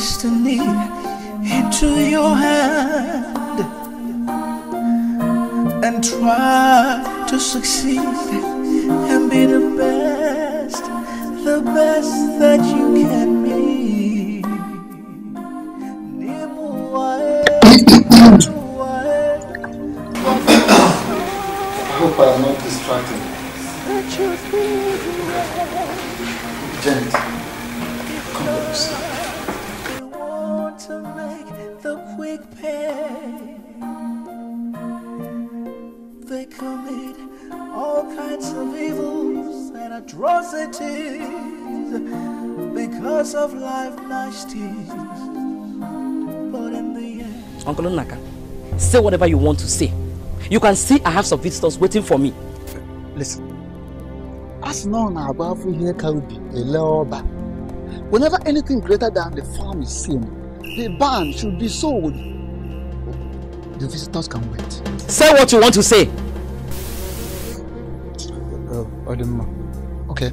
destiny into your hand and try to succeed and be the best, the best that you can be. of life nice tears, but in the end... Uncle Naka, say whatever you want to say. You can see I have some visitors waiting for me. Listen, as long as above here can be a laoba, whenever anything greater than the farm is seen, the barn should be sold. The visitors can wait. Say what you want to say. Uh, Odema, okay.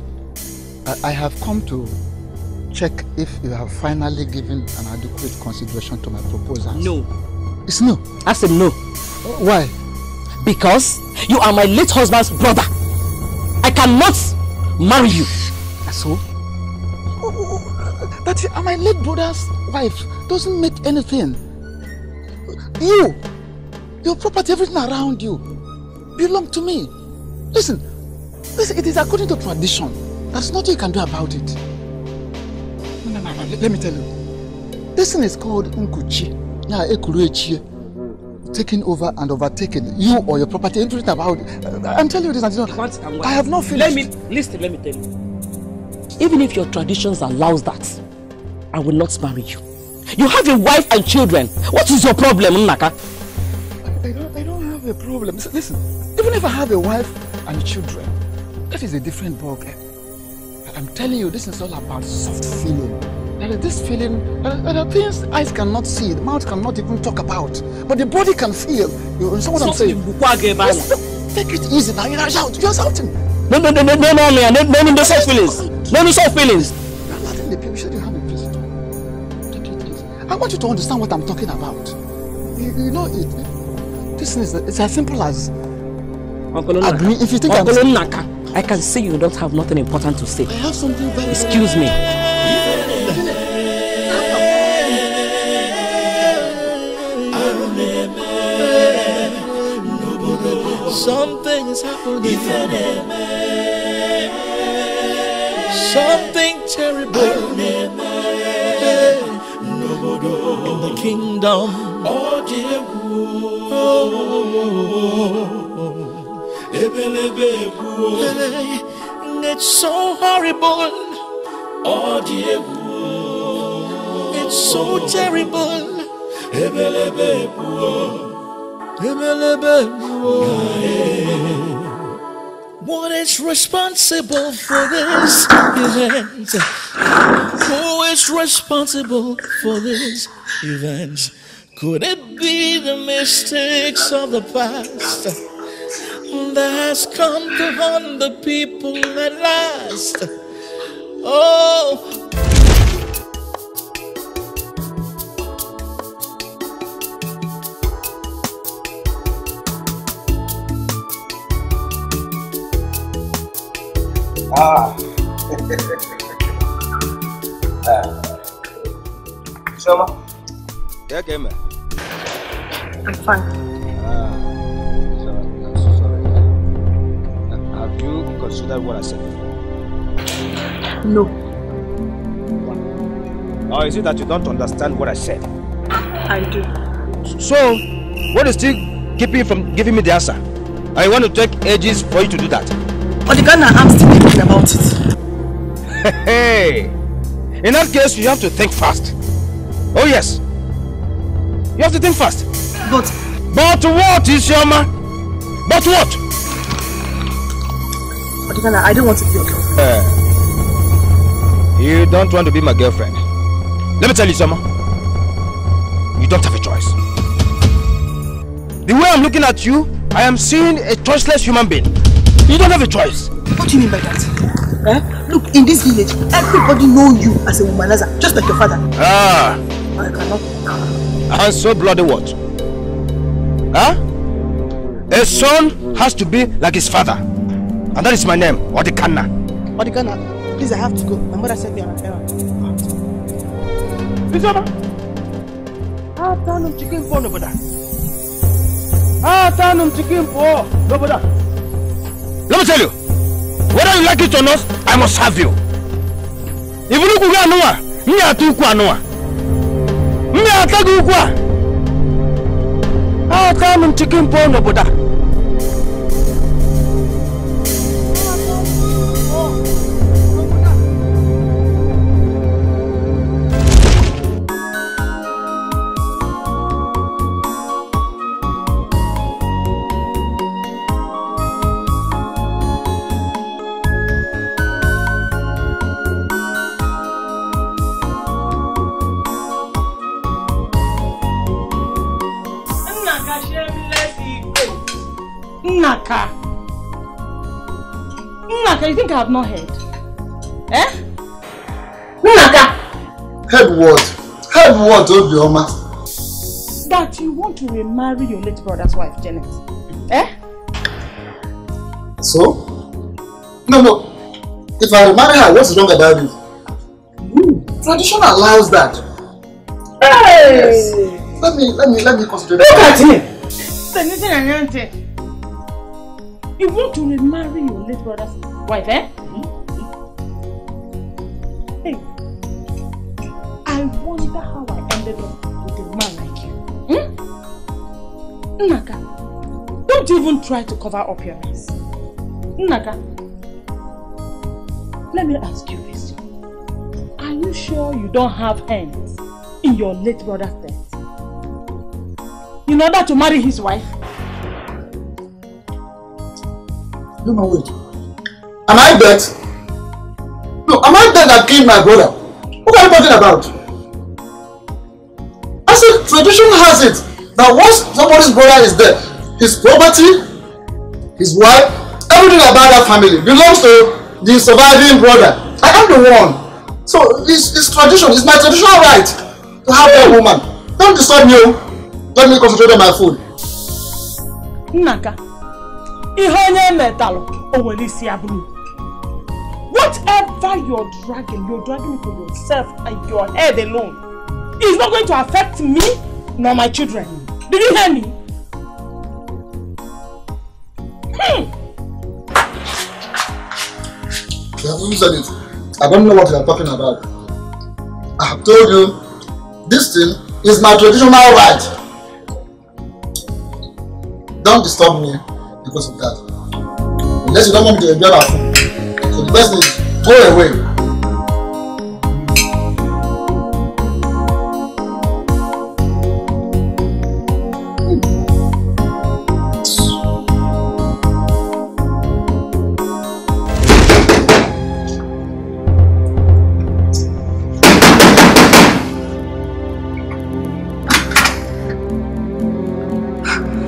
I, I have come to check if you have finally given an adequate consideration to my proposal. No. It's no. I said no. Why? Because you are my late husband's brother. I cannot marry you. So? Oh, oh, oh, that you are my late brother's wife doesn't make anything. You, your property, everything around you belong to me. Listen, listen, it is according to tradition. There's nothing you can do about it let me tell you. This thing is called Unkuchi. Now, Ekuruechie. Taking over and overtaking you or your property. Everything about uh, I'm telling you this. what, what, I have not finished. Let me, listen, let me tell you. Even if your traditions allows that, I will not marry you. You have a wife and children. What is your problem, Naka? I, I, don't, I don't have a problem. Listen, even if I have a wife and children, that is a different ballgame. I'm telling you, this is all about soft feeling. There is this feeling, uh, uh, there are things eyes cannot see, the mouth cannot even talk about, but the body can feel. You understand what I'm saying? Yes, take it easy now, you're out, you're shouting. No, no, no, no, no, no, no, no, no, no, no, feelings. No, no, feelings. you the people show you have a peace. I want you to understand what I'm talking about. You, you know it. This is it's as simple as. Uncle agree. If you think Uncle I'm. Naka, I can see you don't have nothing important to say. I have something very. Excuse me. Something is happening. Something terrible in the kingdom. Oh, oh. it's so horrible. Oh, so terrible. What is responsible for this event? Who is responsible for this event? Could it be the mistakes of the past that has come to haunt the people at last? Oh, Ah. Shoma. Yeah, Gamer. I'm fine. Ah, I'm so sorry. Have you considered what I said? No. Or oh, is it that you don't understand what I said? I do. So, what is still keeping you from giving me the answer? I want to take ages for you to do that. But the gun I'm still thinking about it. Hey! In that case, you have to think fast. Oh yes. You have to think fast. But... But what, Isioma? But what? Odigana, I don't want to be your girlfriend. Uh, you don't want to be my girlfriend. Let me tell you, Isioma. You don't have a choice. The way I'm looking at you, I am seeing a choiceless human being. You don't have a choice. What do you mean by that? Eh? Look, in this village, everybody know you as a womanizer, just like your father. Ah. I cannot. And so bloody what? Huh? A son has to be like his father. And that is my name, Odikana. Odikana, please, I have to go. My mother sent me an errand. Ah, turn him chicken for over there. Ah, turn him chicken for over there. Let me tell you, whether you like it or not, I must have you. Even if you are nowhere, you are too quite nowhere. You are too quite. How come chicken pond over that? you think I have not heard? Eh? Nunaka! Heard what? Heard what, Obioma? That you want to remarry your late brother's wife, Janet. Eh? So? No, no. If I remarry her, what's wrong about it? Tradition allows that. Hey! Yes. Let me, let me, let me concentrate. Look at him! You want to remarry your late brother's wife. wife, eh? Hey, I wonder how I ended up with a man like you. Hmm? Naga, don't even try to cover up your mess. Naga, let me ask you this. Are you sure you don't have hands in your late brother's death? In order to marry his wife? You know what? Am I dead? No, am I dead that killed my brother? What are you talking about? I said tradition has it that once somebody's brother is dead, his property, his wife, everything about that family belongs to the surviving brother. I am the one. So it's, it's tradition, it's my traditional right to have that woman. Don't disturb me. Oh. Let me concentrate on my food. Nnaka, ihe onye metalụ o nwere isi abụrụ. Whatever you're dragging, you're dragging it for yourself and your head alone. It's not going to affect me nor my children. Did you hear me? Hmm. You haven't said it. I don't know what you're talking about. I have told you, this thing is my traditional right. Don't disturb me because of that. Unless you don't want me to enjoy our food. the go away.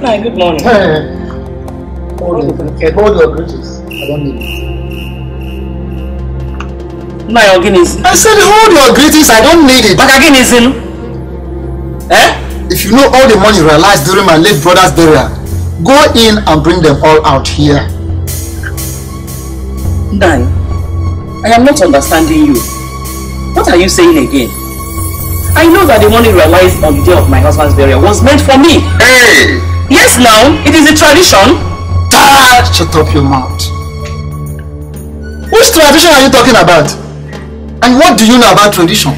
Hi, good morning. Hey. hold, hold your bridges. I don't need it. My ya I said hold your greetings, I don't need it. Back again, nu? Eh? If you know all the money realized during my late brother's burial, go in and bring them all out here. Nai, I am not understanding you. What are you saying again? I know that the money realized on the day of my husband's burial was meant for me. Hey! Yes, now, it is a tradition. Dad, ah, shut up your mouth. Which tradition are you talking about? And what do you know about tradition?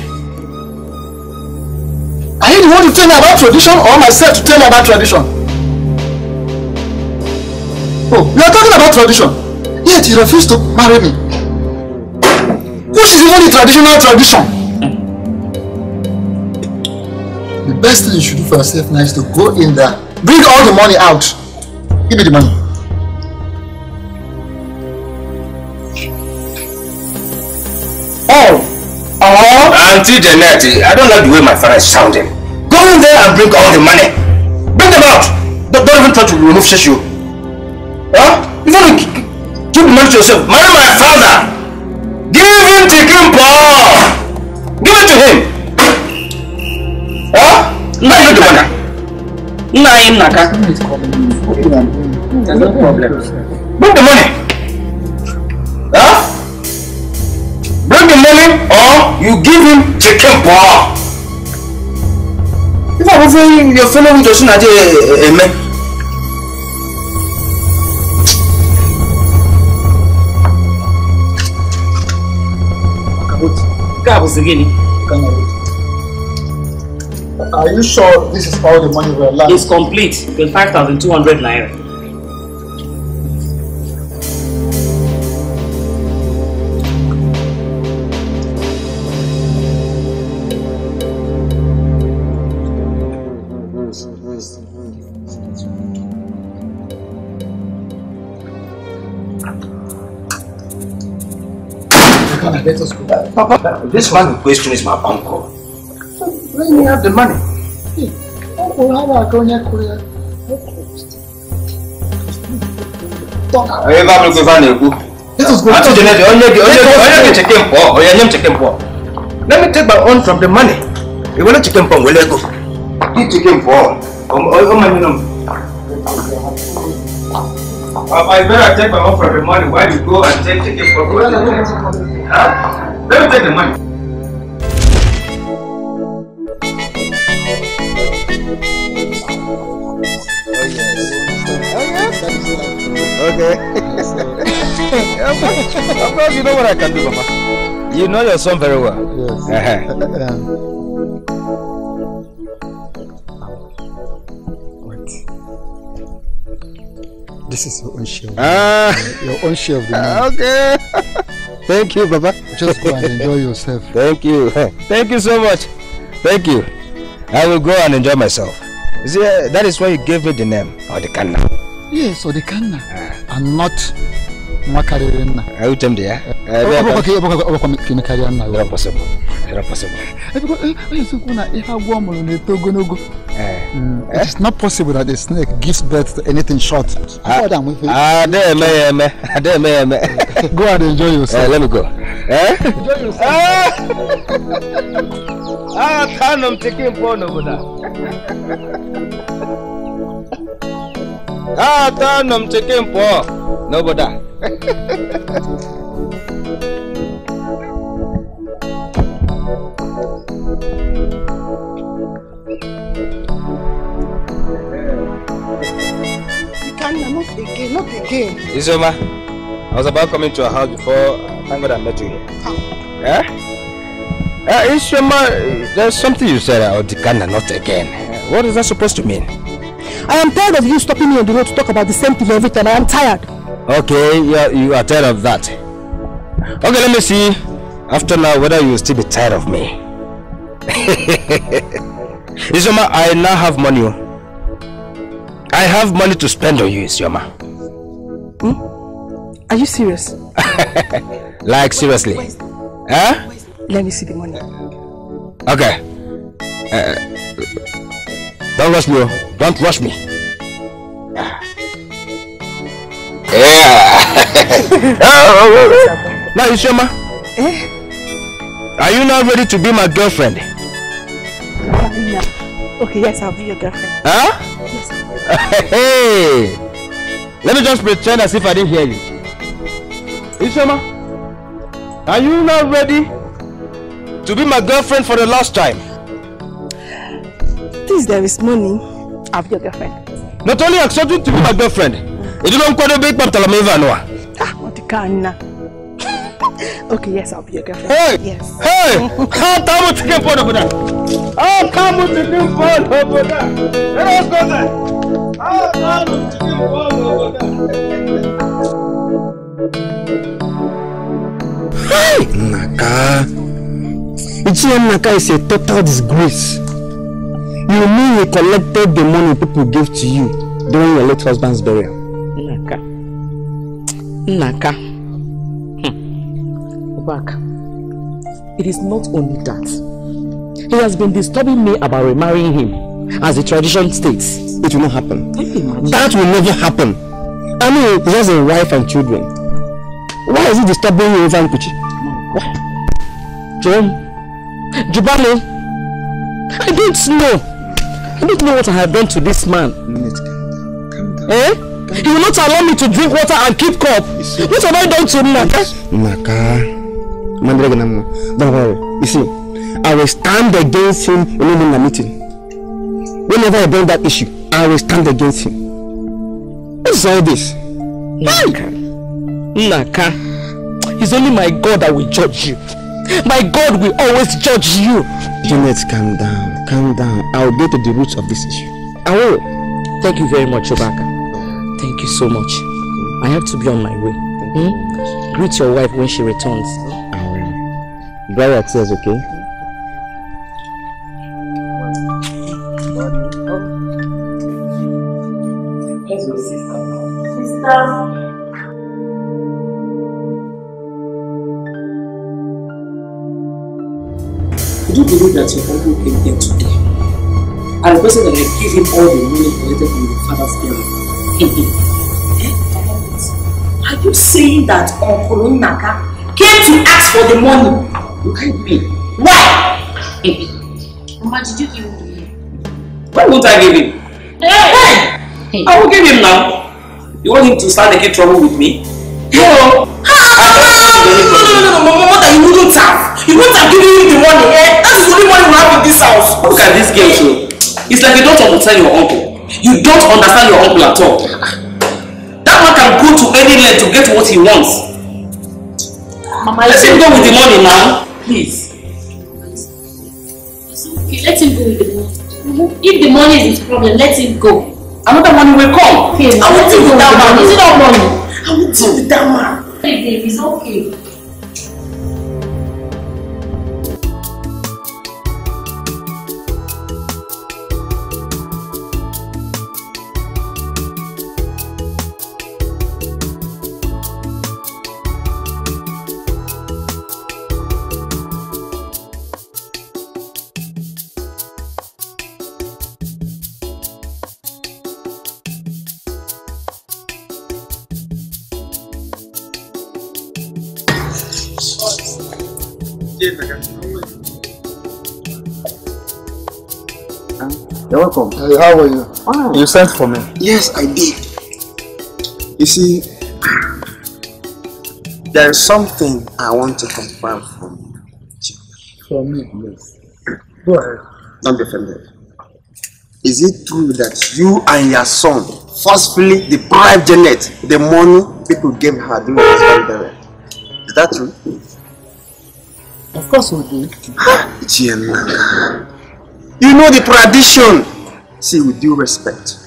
Are you the one to tell me about tradition or myself to tell me about tradition? Oh, you are talking about tradition. Yet you refuse to marry me. Which is even the traditional tradition? The best thing you should do for yourself now is to go in there, bring all the money out. Give me the money. Oh. Oh. Auntie Janet, I don't like the way my father is sounding. Go in there and bring all the money. Bring them out. Don't, don't even try to remove Sheshu. Oh. Huh? You don't keep the money to yourself. Marry my father. Give him to Kimpo. Give it to him. Huh? Now you the money. Now Naka. no problem. Bring the money. 지금 지금 봐. You are following, you are following Joshua Naje, amen. Are you sure this is all the money we are left? It's complete, 5,200 naira. Papa, this man in question is my uncle. Let me have the money. Uncle, how are going to Korea? Onye ga-abụ gova na-ekwu. Atụjụ na onye gị onye gị cheke mpụ onye Let me take my own from the money. Ị were let mpụ were ego. Gị cheke mpụ ọ manyere m. I better take my own from the money while you go and take cheke for Huh? Let take the money. Okay. of course, you know what I can do, Mama. You know your son very well. Yes. Uh-huh. what? This is your own share. Ah. Your own share of the money. Okay. Thank you, Baba. Just go and enjoy yourself. Thank you. Thank you so much. Thank you. I will go and enjoy myself. see, uh, that is why you gave me the name, Odekanna. Yes, Odekanna, Uh, and not Makaririna. I will tell you, yeah? Uh, okay, okay. okay. okay. okay. okay. okay. okay. okay. okay. okay. okay. okay. possible. okay. possible. okay. if okay. go, okay. am okay. to okay. Mm. It's not possible that a snake gives birth to anything short. Ah, ah, there, me, me, there, me, me. Ah, go and enjoy yourself. Uh, let me go. Eh? Enjoy yourself. Ah, ah I'm taking phone over there. Ah, I'm taking phone. No, but Okay. Isoma, I was about coming to your house before. Thank God I met you here. Oh. Eh? Yeah, Uh, Isoma, there's something you said about uh, the Ghana, not again. What is that supposed to mean? I am tired of you stopping me on the road to talk about the same thing every time. I am tired. Okay, you are, you are tired of that. Okay, let me see after now whether you will still be tired of me. Isoma, I now have money. I have money to spend on you, Isoma. Hmm? Are you serious? like seriously? Where's, huh? let me see the money. Okay. Uh, don't rush me. Oh. Don't rush me. Ah. Yeah. Oh, oh, now, Isioma, eh? are you now ready to be my girlfriend? Okay, yes, I'll be your girlfriend. Huh? Yes. hey. Let me just pretend as if I didn't hear you. Ishoma, are you not ready to be my girlfriend for the last time? Please, there is money. I'll be your girlfriend. Not only accepting to be my girlfriend, you don't quite a big Pamtalameva Noah. Ah, what the canna. Okay, yes, I'll be your girlfriend. Hey! Yes. Hey! How oh, come to get over there? How oh, come to get over there? Let us go there! Naka. GM Naka is a total disgrace. You mean you collected the money people gave to you during your late husband's burial? Naka. Naka. Hm. Back. It is not only that. He has been disturbing me about remarrying him as the tradition states, it will not happen. That will never happen. I mean, it's just a wife and children. Why is it disturbing you over Nkuchi? Why? John? Jubale? I don't know. I don't know what I have done to this man. Eh? He will not allow me to drink water and keep cup. What have I done to Naka? Naka. Don't worry. You see, I will stand against him in the meeting. Whenever I bring that issue, I will stand against him. What is all this? Naka. Naka. It's only my God that will judge you. My God will always judge you. Janet, calm down. Calm down. I'll get to the roots of this issue. I will. Thank you very much, Obaka. Thank you so much. I have to be on my way. Hmm? Greet your wife when she returns. I will. Dry your tears, okay? I you believe that your uncle came here today. I requested that I give him all the money collected from your father's burial. Are eh? you saying that Uncle Naka came to ask for the money? You can't pay. Why? Mama, did you hear me? Why won't I give him? Hey! hey. I will give him now. You want him to start making trouble with me? No. Ah! No, no, no, no, no! that you wouldn't have. You wouldn't have given him the money, eh? That is the only money we have in this house. Look at this girl, too. It's like you don't understand your uncle. You don't understand your uncle at all. That man can go to any length to get what he wants. Mama, let him go with the money now. Please. It's okay. Let him go with the money. If the money is his problem, let him go. Another money will come. Okay, I will deal with that man. Is it not money? I will deal with that man. Hey, babe, it's okay. welcome. Hey, how are you? Fine. You sent for me? Yes, I did. You see, there is something I want to confirm from you. From me? Yes. Go ahead. Don't be offended. Is it true that you and your son forcefully deprived Janet the money people gave her during her husband Is that true? Of course we did. Jenna. You know the tradition See, with due respect,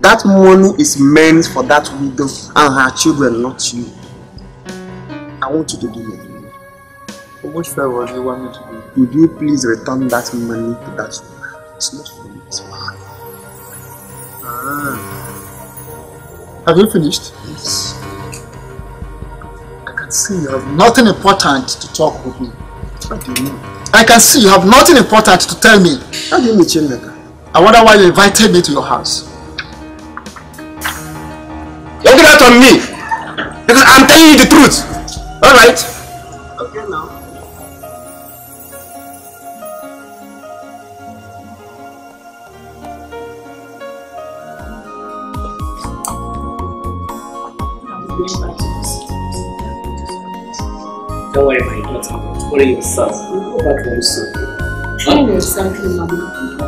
that money is meant for that widow and her children, not you. I want you to do me a favor. Which favor do you want me to do? Would you please return that money to that woman? It's not for me, it's for her. Ah. Have you finished? Yes. I can see you have nothing important to talk with me. What do you mean? I can see you have nothing important to tell me. How do you mean, Chinleka? I wonder why you invited me to your house. You not get out on me. Because I'm telling you the truth. Alright? Okay now. Don't worry, my daughter. Worry yourself. We'll go back home soon. Worry yourself, Mama.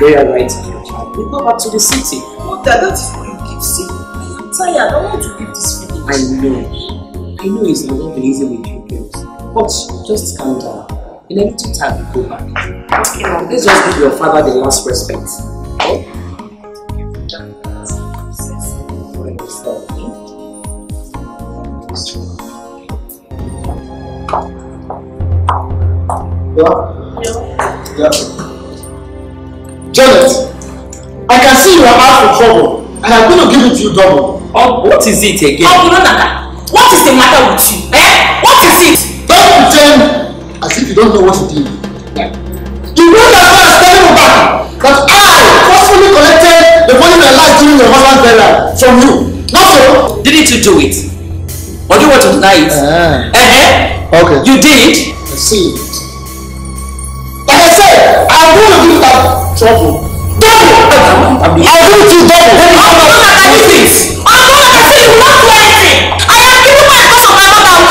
their rights of your child. They go back to the city. Well, that, that's what you keep saying. I am tired. I want to give this feeling. I know. I know it's not going to be easy with you girls. But just calm down. In a little time, we go back. Okay, know, let's just give your father the last respect. Okay? yeah. yeah. Janet, I can see you are out for trouble, and I'm going to give it to you double. Oh, what is it again? Oh, know that? What is the matter with you? Eh? What is it? Don't pretend as if you don't know what it is. Yeah. You know that man is telling you back that I forcefully collected the money that I lost during your husband's burial from you. Not so. Didn't you do it? Or do you want to deny it? Uh-huh. Uh-huh. Okay. You did? I see. I'm going to do that trouble. Double! I'm going to do double. I'm going to do this. I'm going to say you not do anything. I am giving my house of my mother.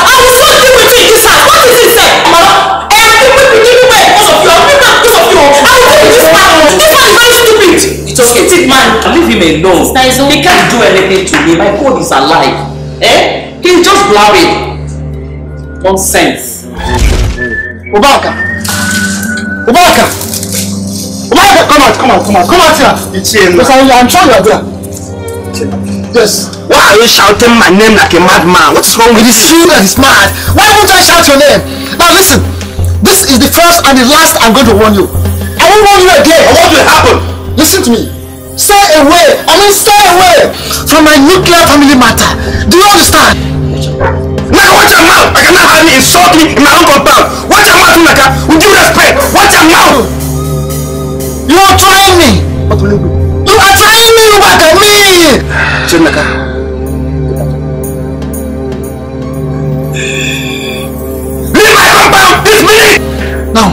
I will not deal with you in this house. What is it, sir? Mama, I am giving you my because of you. I'm giving because of you. I will deal with this man. This man is very stupid. It's okay. Stupid man. Leave him alone. He can't do anything to me. My phone is alive. Eh? He's just blabbing. Nonsense. Ubaka! Ubaka! Why come out, come out, come out, come out here. It's here. Because I, I'm sure you're there. Yes. Why are you shouting my name like a madman? What's wrong with this? It is you that is mad. Why won't I shout your name? Now listen, this is the first and the last I'm going to warn you. I won't warn you again. But what will happen? Listen to me. Stay away. I mean, stay away from my nuclear family matter. Do you understand? Now watch your mouth. I cannot have you insult me in my own compound. What naka leave my compound this minute now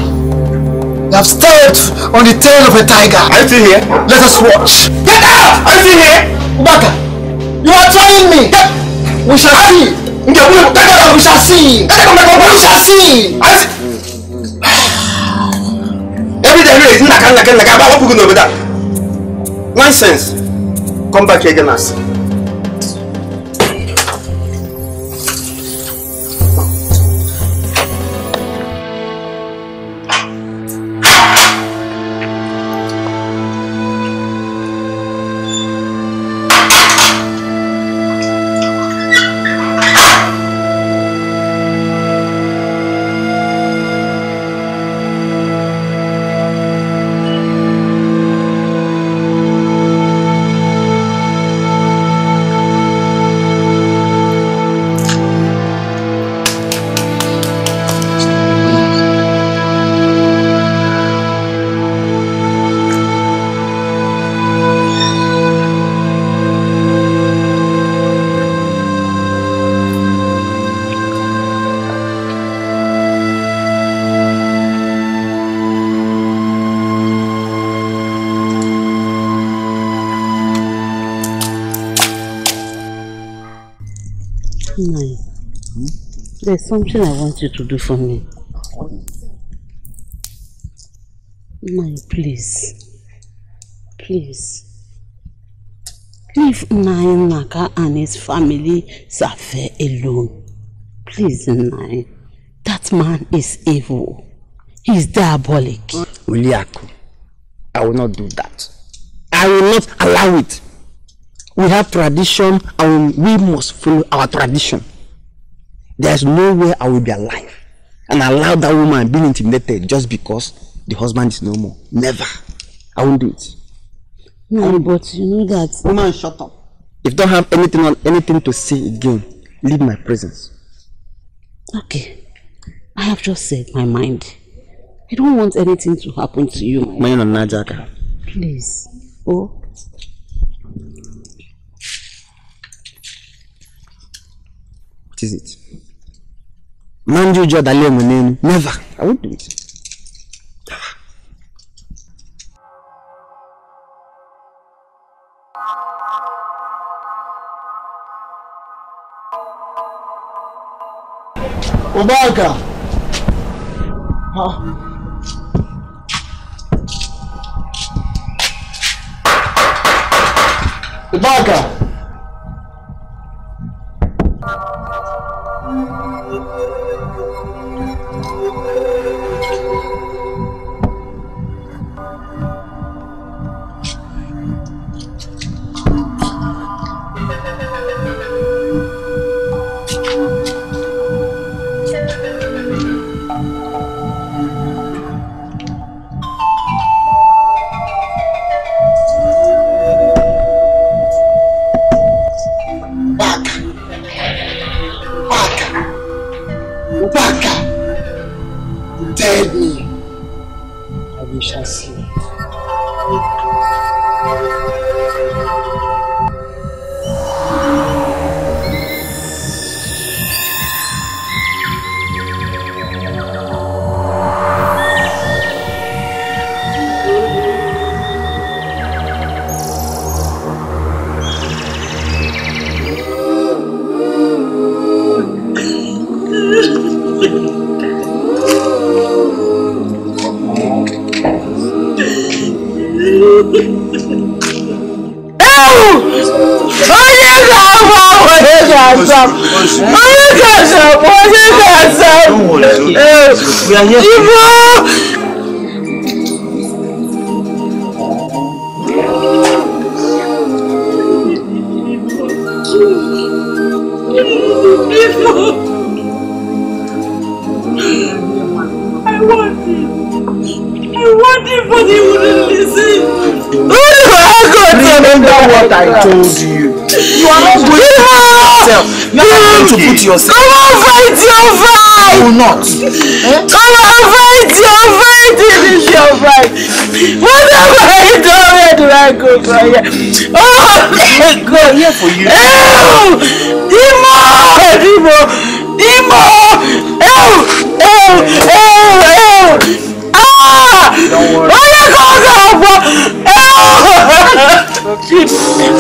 you have stepped on the tail of a tiger are you still here let us watch get out are you still here Ubaka you are trying me we shall see ngebuye get out we shall see get out my compound we shall see are you still every day every day naka naka naka abawo pugu n'obodo a nonsense come back here again and see. something I want you to do for me. My, please. Please. Leave Nine Naka and his family Safe alone. Please, Nine. That man is evil. He's diabolic. Uliaku, I will not do that. I will not allow it. We have tradition and we must follow our tradition. There's no way I will be alive and allow that woman being intimidated just because the husband is no more. Never. I won't do it. No, but you know that. Woman, shut up. If you don't have anything on anything to say again, leave my presence. Okay. I have just said my mind. I don't want anything to happen to you, my is Najaka. Please. Oh. What is it? Mande o dia da lema nele. Never. I won't do it. Obaka! here. Oh, God. I'm here for you. Ew! Dimo! Dimo! Dimo! Ew! Ew! Ew! Ew! Ah! Don't worry. Oh, my God, God. Ew! Okay.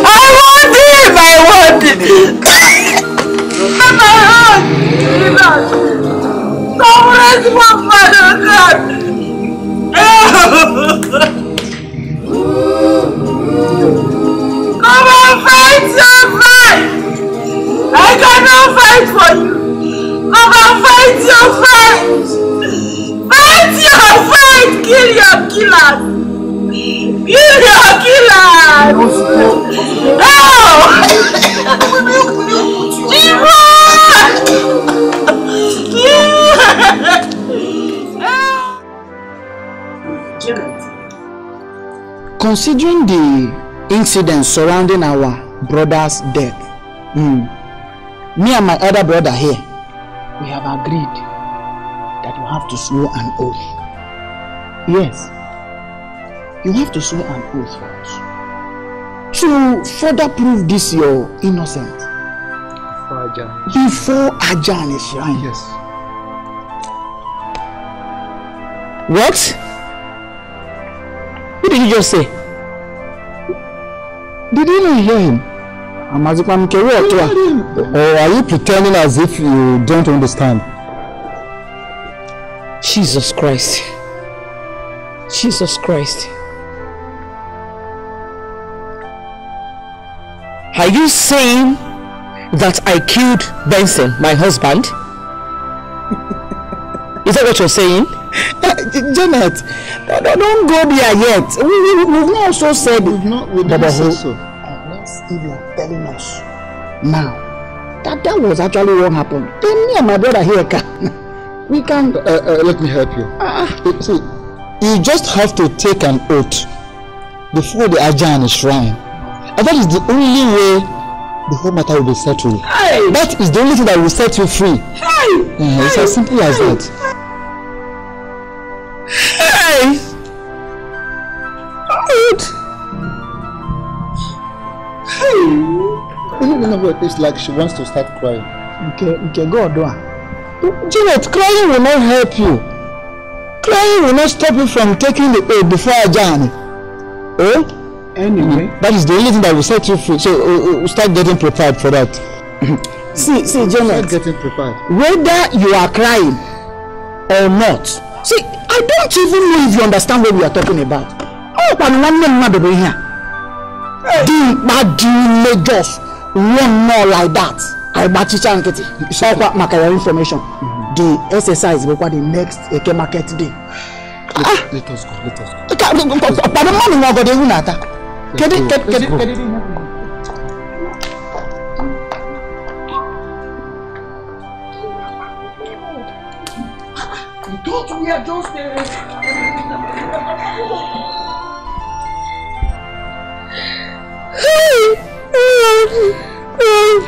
I want him! I want him! I'm not. Don't rest my father, God. Fight your fight! Fight your fight! Kill your killers! Kill your killers! No! Diva! Considering the incident surrounding our brother's death, mm, me and my other brother here have agreed that you have to swear an oath. Yes, you have to swear an oath for us. To further prove this your innocence. Before Ajahn. Before Ajahn is shrine. Yes. What? What did you just say? Did you not hear him? I'm, Or oh, are you pretending as if you don't understand? Jesus Christ. Jesus Christ. Are you saying that I killed Benson, my husband? Is that what you're saying? Janet, don't go there yet. We, have we, not also said... We've not, we didn't so. That's telling us now that that was actually what happened. Then me and my brother here can. we can. Uh, uh, let me help you. Ah. Uh, See, you just have to take an oath before the Ajahn shrine. And that is the only way the whole matter will be settled. Hey. That is the only thing that will set you free. Hey. Yeah, uh, hey. It's as simple as hey. that. even know what it's like she wants to start crying. Okay, okay, God, do Janet, crying will not help you. Crying will not stop you from taking the aid before Ajahn. Eh? Oh? Anyway. Mm-hmm. That is the only thing that will set you free. So uh, uh start getting prepared for that. see, see, Janet. Start getting prepared. Whether you are crying or not. See, I don't even know if you understand what we are talking about. Oh, but one name, not the way here. Hey. Dimba, Dimba, Lagos run more like that agbachicha nkịtị ọkwa maka your information mm-hmm. the exercise bụkwa the next eke market day kpado mmadụ nwa ọgọdọ ihu na-ata kedu kedu kedu kedu Don't we are just there? Come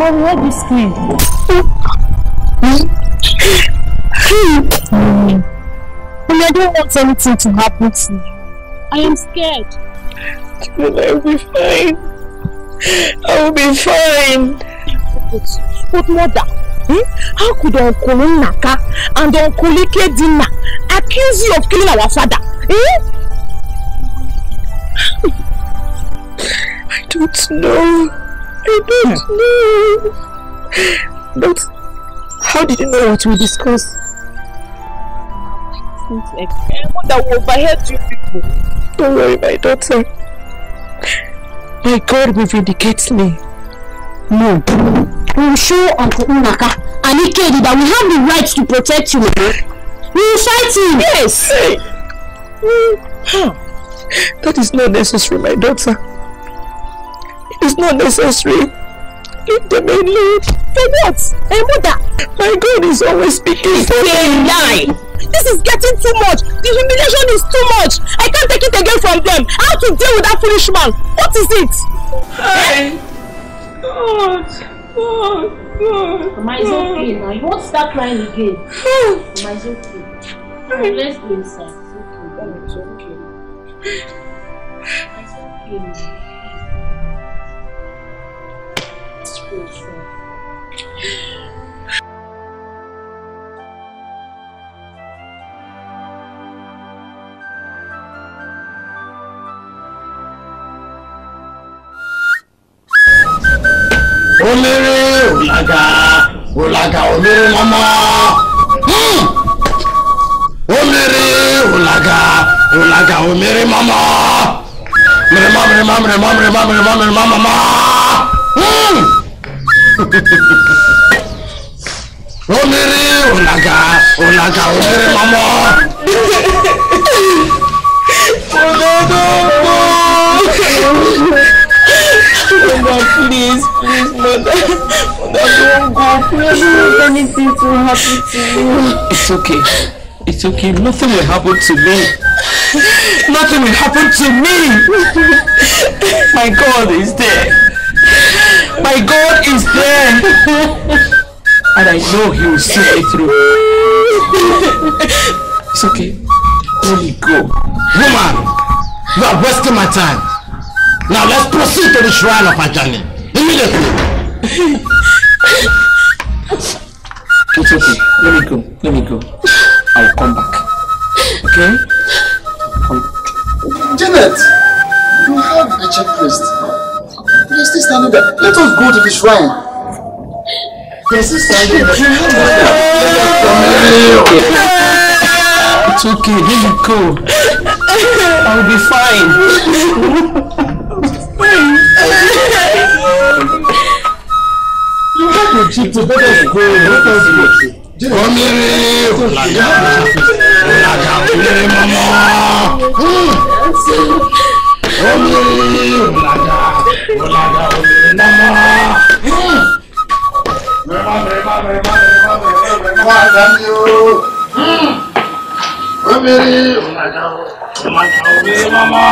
on, let this screen. I don't want anything to happen to you. I am scared. I'll be fine. I'll be fine. But mother, Hmm? How could Uncle Naka and Uncle Ike Dina accuse you of killing our father? Hmm? I don't know. I don't hmm. know. But how did you know what we discussed? Anyone that will overhead you people. Don't worry, my daughter. My God will vindicate me. No we will show Uncle Unaka and Ikedi that we have the right to protect you, Mama. We will fight him. Yes. Hey. Hmm. That is not necessary, my daughter. It is not necessary. Leave them alone. For what? And mother. My God is always speaking for me. lie. This is getting too much. The humiliation is too much. I can't take it again from them. How to deal with that foolish man? What is it? Hi. God. Mama, it's hmm. okay now. You won't start crying again. Hmm. Mama, it's okay. Mama, let's go inside. It's okay. Mama, oh, it's okay. It's okay Let's go inside. Only ụlaga omerelama o hmm. mere ụlaga ụlaga o mere mama mịrịma mịrịma mịrịma mịrịma mịrịma mịrịma mama o mere ụlaga ụlaga o mere mama Mama, please, please, mother don't go. Please don't anything to happen to you. It's okay. It's okay. Nothing will happen to me. Nothing will happen to me. My God is there. My God is there. And I know he will see me through. It's okay. Let me go. Woman, you are wasting my time. Now let's proceed to the shrine of Ajani. Immediately. It's okay. Let me go. Let me go. I'll come back. Okay? Come. Janet, you have a checklist. You're still standing there. Let us go to the shrine. You're still standing there. It's okay. Let me go. I'll be fine. she provided for responsibility. omiri olaja olaja omiri mama omiri olaja olaja omiri mama. mẹ́fà mẹ́fà mẹ́fà mẹ́fà mẹ́fà àdáni o omiri olaja olaja omiri mama.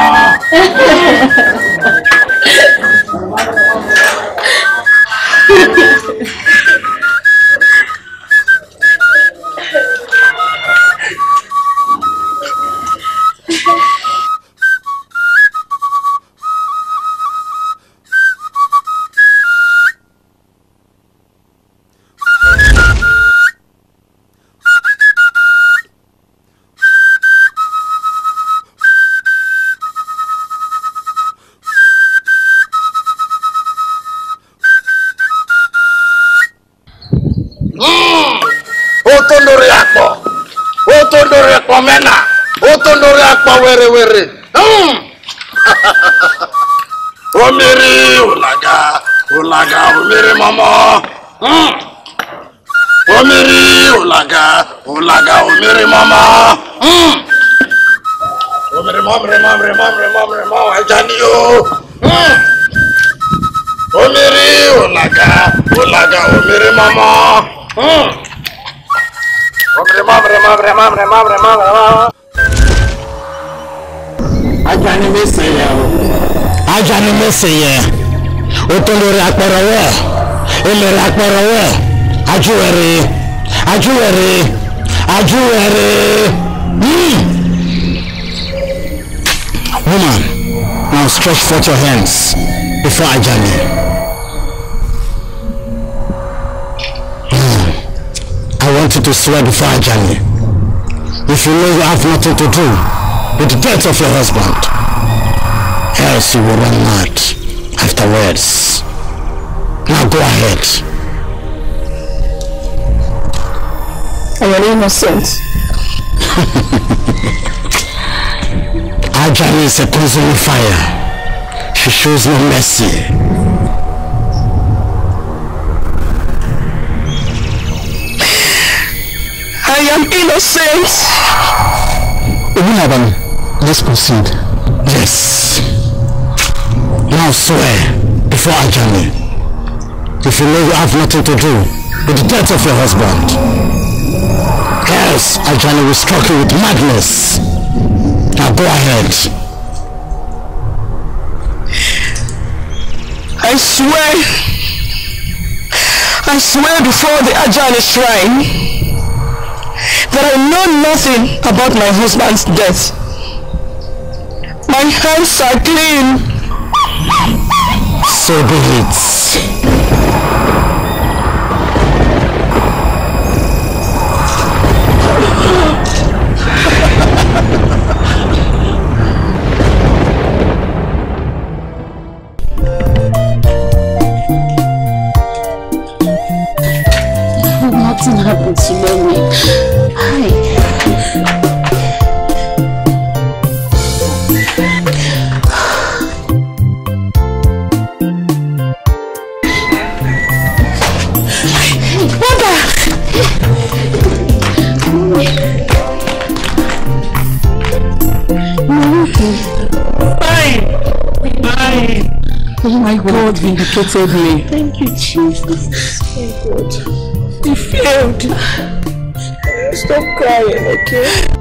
komena utundura kwa were were mm. omiri olaga olaga omiri mama mm. omiri olaga olaga omiri mama mm. omiri mama mama mama mama mama ajaniyo mm. omiri olaga olaga omiri mama mm. Hombre, hombre, hombre, hombre, hombre, hombre, hombre. Ajani mẹsẹ̀yẹ o. Ajani mẹsẹ̀yẹ. O tó lórí apẹ̀rọ̀wẹ̀. Elèrè apẹ̀rọ̀wẹ̀. Ajúwẹ̀rẹ̀. Ajúwẹ̀rẹ̀. Ajúwẹ̀rẹ̀. Woman, now stretch forth your hands before I journey. to swear before I If you know you have nothing to do with the death of your husband, else you will run mad afterwards. Now go ahead. I am innocent. Ajani is a consuming fire. She shows no mercy. I am innocent. Ogunabami, let's proceed. Yes. Now swear before Ajani. If you know you have nothing to do with the death of your husband. Else Ajani will strike you with madness. Now go ahead. I swear. I swear before the Ajani shrine that I know nothing about my husband's death. My hands are clean. So be it. God vindicated me. Thank you, Jesus. Thank God. He failed. Stop crying, okay?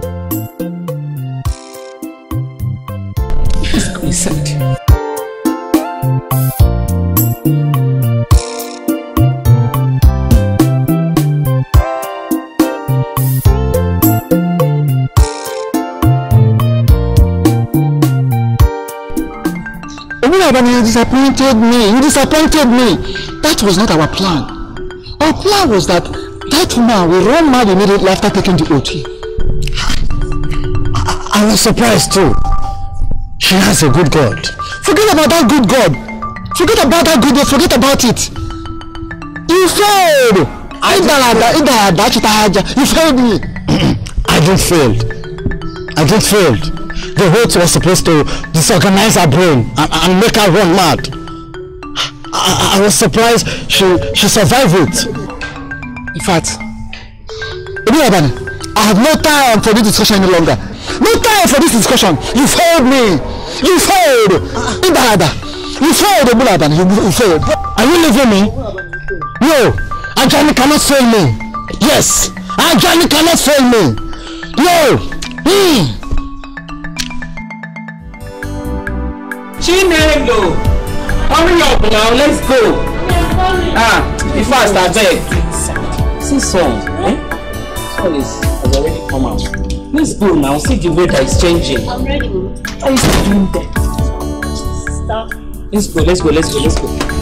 me that was not our plan. Our plan was that that man will run mad immediately after taking the OT. I, I was surprised too. She has a good God. Forget about that good God. Forget about that good God. Forget about it. You failed. I you failed me. I didn't fail. I didn't fail. The hoax was supposed to disorganize her brain and, and make her run mad. I, I, was surprised she she survived it. In fact, Obiabani, I have no time for this discussion any longer. No time for this discussion. You failed me. You failed. Ibarada. You failed, Obiabani. You, you failed. Are you leaving me? No. Ajani cannot fail me. Yes. Ajani cannot fail me. No. Mm. Chinelo. Hurry up now, let's go. Ah, be fast, abeg. See song, eh? Song is has already come out. Let's go now, see the weather is changing. I'm ready. How is it doing there? Stop. Let's go, let's go, let's go, let's go.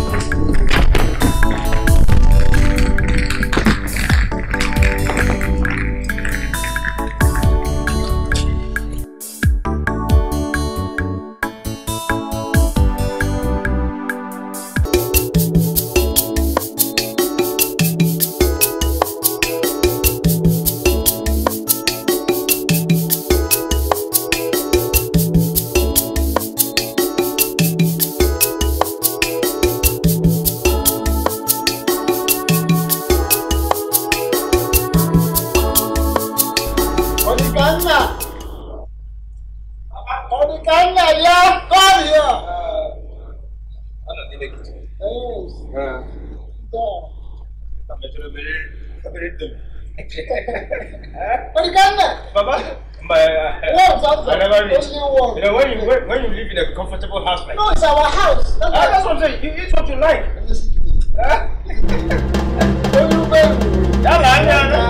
Kanya ya Korea. Ano dile kiti. Yes. Ha. Tama jero mere mere dum. What you got there? Baba, my. Uh, Worms outside. Whenever you, you know, when you when, when you live in a comfortable house like. No, it's our house. That's, ah, that's what I'm saying. You eat what you like. Olúbẹ̀rù. Yálà ń yára.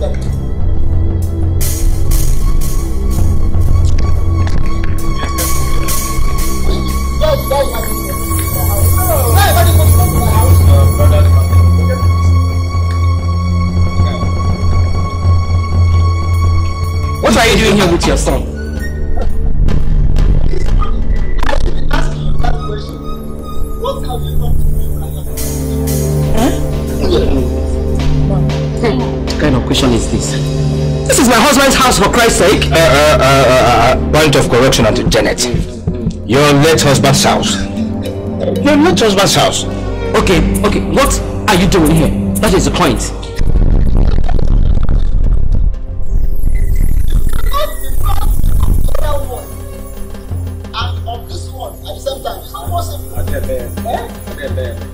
What are you doing here with your son? question is this? This is my husband's house, for Christ's sake. Uh, uh, uh, uh, point of correction unto Janet. Your late husband's house. Your late husband's house. Okay, okay, what are you doing here? That is the point.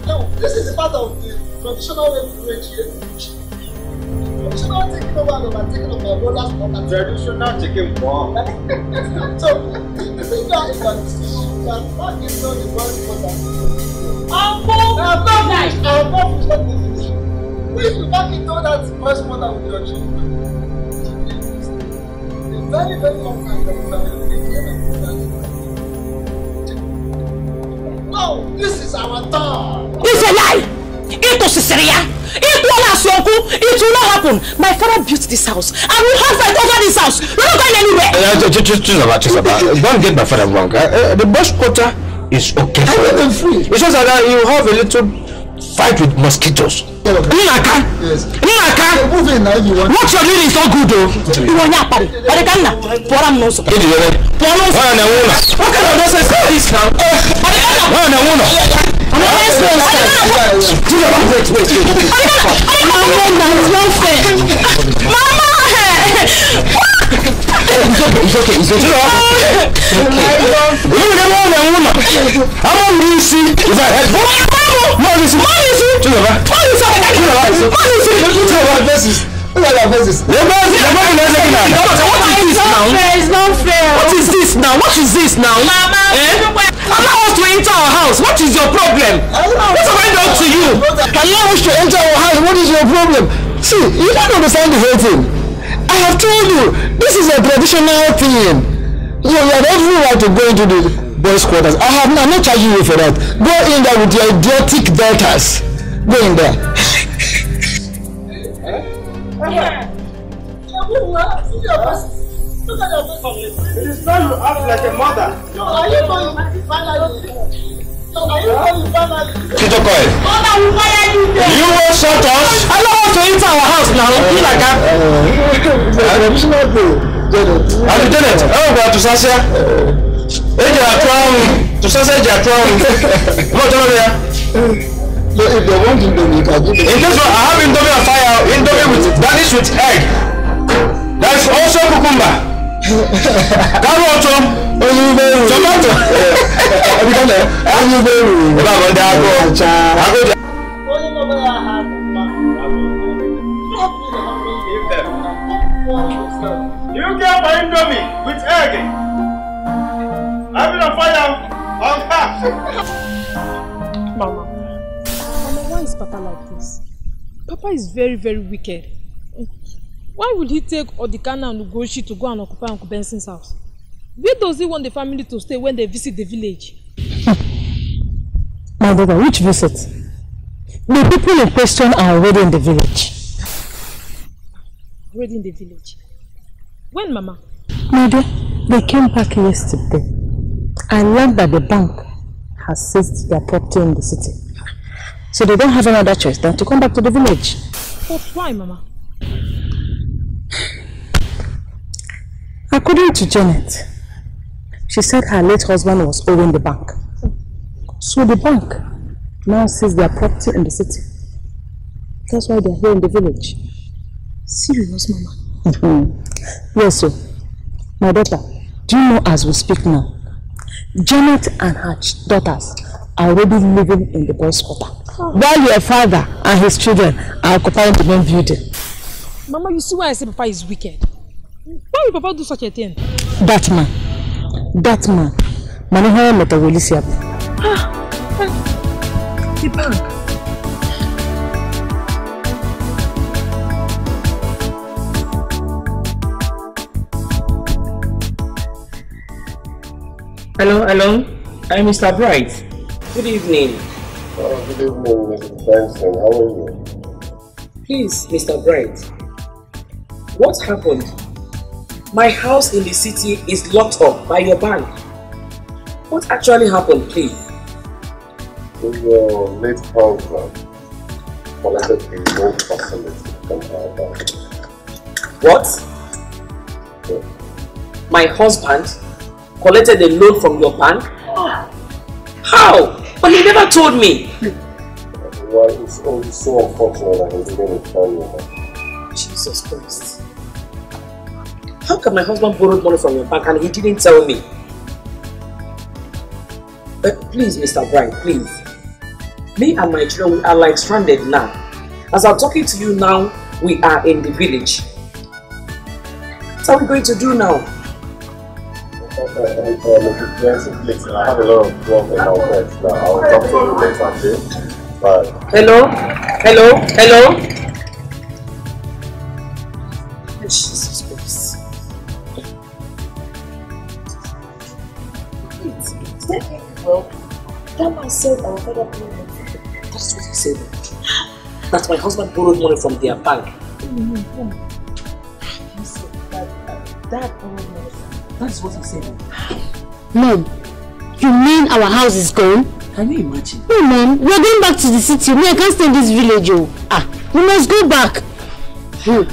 No, this is part of the traditional way traditional chicken over so the thing that is that you can not give the word for that. Ambo fish Ambo fish don dey fish. We should back into that breast mother with your children. A very very long time that we have been together. Now this is our turn. It's a lie. It was Syria. It was uncle. It will not happen. My father built this house. and we have fight over this house. We're not going anywhere. Uh, just, just, just about, just about. Don't get my father wrong. Uh, eh? the bush quota is okay for I let them free. It's just that uh, you have a little fight with mosquitoes. Nnaka! Nnaka! What you're doing is not good though. You want your party? But I can't. Pour am no soup. Get it. Pour no soup. What kind of nonsense is this now? But I can't. i Wait, wait, wait. I'm going down. It's not fair. Mama! It's okay, it's okay, it's okay. Look at all that woman. How long do you see? Is that head? Madison, Madison! Madison! Madison! Madison! Look at our faces. Look at our faces. They're not looking at us. What is this now? What is this now? What is this now? What is this now? Mama! Eh? allow us to enter our house. What is your problem? What am I doing to you? Allow us to enter our house. What is your problem? See, you don't understand the whole thing. I have told you, this is a traditional thing. You have every right to go into the boys' quarters. I have not, I'm not charging you for that. Go in there with your idiotic daughters. Go in there. Yeah. It is time you act like a mother. No, are you going to finally? Tito Coil. You will shut us. I don't want to enter our house now. You like that. I'm the tenant. I'm going to Sasia. Hey, you are Eji atụanwụ tụsasa eji atụ anwụ mọtọrọ ya. No, if they want to do can give it. In case of I have indomie on fire, indomie with that is with egg. That is also cucumber káró ọtọ oyinberu tomato ọdúnkọlẹ oyinberu ọlọmọ dáko àgọjà. You get my indomie with egg. Having a fire on Mama, Mama, why is Papa like this? Papa is very, very wicked. Why would he take Odikana and Ugochi to go and occupy Uncle Benson's house? Where does he want the family to stay when they visit the village? My brother, which visit? The people in question are already in the village. Already in the village? When, Mama? My dear, they came back yesterday. I learned that the bank has seized their property in the city. So they don't have another choice than to come back to the village. But why, Mama? According to Janet, she said her late husband was owing the bank. So the bank now sees their property in the city. That's why they're here in the village. Serious, Mama? Mm -hmm. yes, sir. My daughter, do you know as we speak now, Janet and her daughters are already living in the boys' quarter. While your father and his children are occupying the main building. Mama, you see why I say Papa is wicked? Why would Papa do such a thing? That man. That man. Manihara Metawoli Siabu. Ah, ah, the bank. Hello, hello. I'm Mr. Bright. Good evening. Oh, good evening, Mr. Benson. How are you? Please, Mr. Bright, What happened? My house in the city is locked up by your bank. What actually happened, please? Your late collected a loan facility from our bank. What? Yeah. My husband collected a loan from your bank? How? But he never told me. well, it's so unfortunate that he didn't tell you. Jesus Christ. How come my husband borrowed money from your bank and he didn't tell me? Uh, please, Mr. Bright, please. Me and my children, are like stranded now. As I'm talking to you now, we are in the village. What are we going to do now? Hello? Hello? Hello? That's what he said. That my husband borrowed money from their bank. He said that borrowed money. That's what he said. Mom, you mean our house is gone? Can you imagine? No, mom. We're going back to the city. Me, I can't stay in this village, oh. Ah, we must go back. Hmm.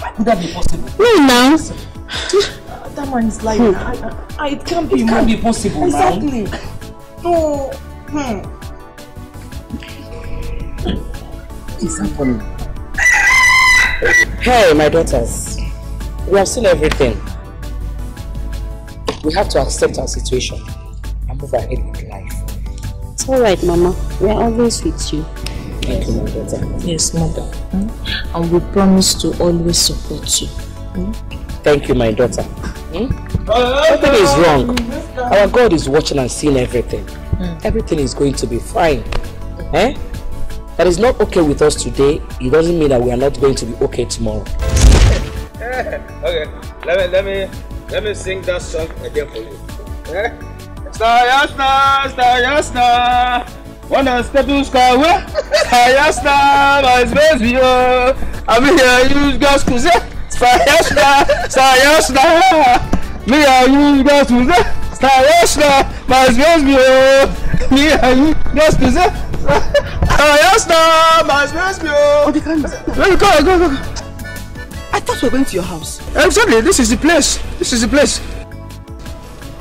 Why could that be possible? No, now. Uh, that man is lying. Hmm. I, I, I, it can't be. It can't be possible, exactly. man. Exactly. No. Hey, my daughters. We have seen everything. We have to accept our situation and move ahead with life. It's all right, Mama. We are always with you. Thank you, my daughter. Yes, Mother. Hmm? And we promise to always support you. Hmm? Thank you, my daughter. Hmm? Nothing is wrong. Our God is watching and seeing everything. Mm. everything is going to be fine. Eh? That is not okay with us today, it doesn't mean that we are not going to be okay tomorrow. okay, let me, let me, let me sing that song again for you. Eh? Star, yasta, star, yasta. One and step to sky where Sky yasta, my space be I'm here, you guys could say. Sky yasta, sky yasta. Me, I use guys could say jasna, ma związbio! Nie, jasny ze... A jasna, ma związbio! not Go, go, go, I thought we were going to your house. Exactly, this is the place. This is the place.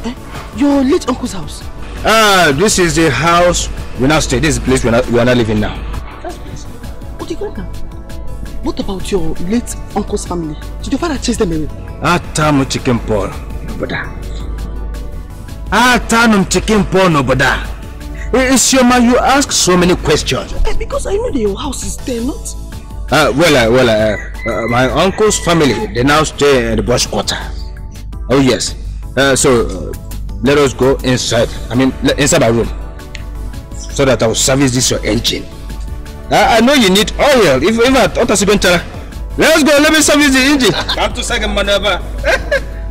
Eh? Your late uncle's house? Ah, this is the house we now stay. This is the place we are not, we are not living now. What are you going to What about your late uncle's family? Did your father chase them away? Ah, Tamu chicken Paul. Brother. Atanu mchike eh, eh, It is your man. you ask so many questions. Uh, because I know the house is there, not? Uh, well, uh, well, uh, uh, my uncle's family, they now stay at the bush quarter. Oh, yes. Uh, so, uh, let us go inside. I mean, inside my room. So that I will service this your engine. I, I know you need oil. If, if I thought I Let's go, let me service the engine. Come to second maneuver.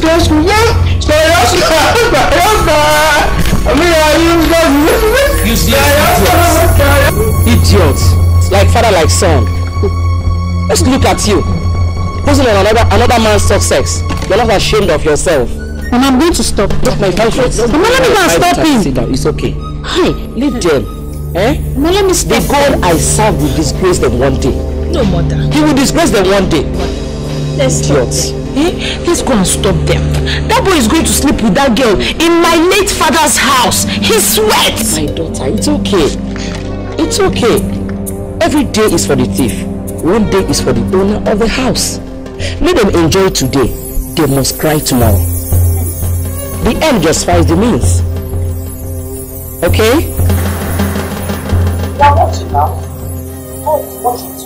stress you. Stay stay I mean, Idiots, like father, like son. Let's look at you. Posing on another another man's success. You're not ashamed of yourself. And I'm going to stop. Look, my Mama, let me go and stop him. Sit down. It's okay. Hi, leave them. Eh? Mama, let me stop. The God I serve will disgrace them one day. No, mother. He will disgrace them one day. Let's Idiots. Eh? Let's go and stop them. That boy is going to sleep with that girl in my late father's house. He sweats! My daughter, it's okay. It's okay. Every day is for the thief. One day is for the owner of the house. Let them enjoy today. They must cry tomorrow. The end justifies the means. Okay? Now what now? Oh,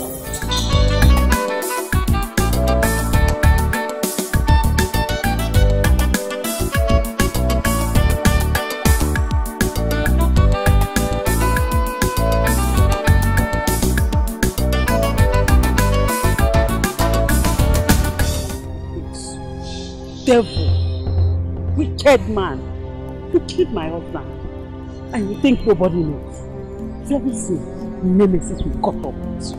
wicked man who killed my husband. And you think nobody knows. Very soon, Nemesis will cut up with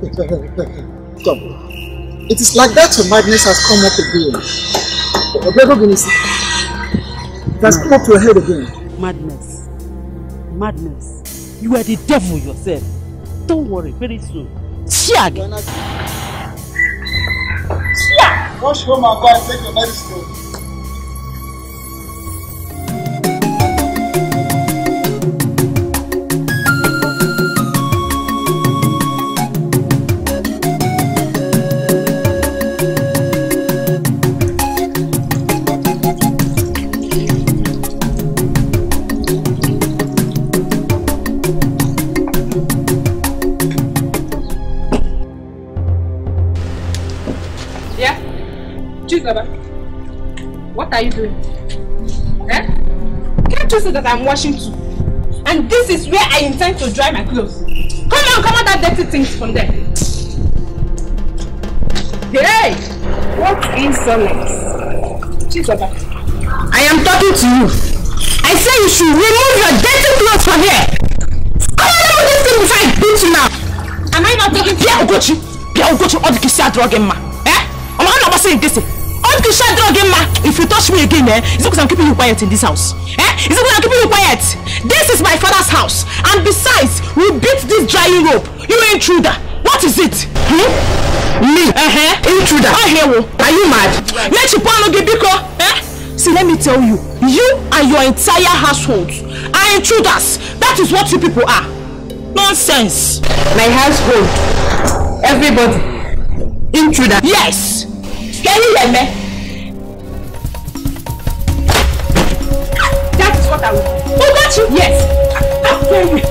you. Double. It is like that your madness has come up again. Obrego Guinness, it has come up to your head again. Madness. Madness. You are the devil yourself. Don't worry, very soon. Chiag! Chiag! Rush home and go and take your medicine. I'm washing too. And this is where I intend to dry my clothes. Come on, come on, that dirty things from there. Hey! What insolence? Chizoba, I am talking to you. I say you should remove your dirty clothes from here. Come on, remove this thing before I beat you now. Am I not talking to you? Ogochi, Bia Ogochi, all the ma. Eh? I'm not saying this. All the Kisia drug in ma. If you touch me again, eh, it's because I'm keeping you quiet in this house. Is it we are keeping you quiet. This is my father's house. And besides, we beat this drying rope. You intruder. What is it? Hmm? Me? Uh-huh. Intruder? I hear you. Are you mad? Let you pan Biko. Eh? See, let me tell you. You and your entire household are intruders. That is what you people are. Nonsense. My household. Everybody. Intruder. Yes. Can you hear me? matter with you? Yes. How dare you? I've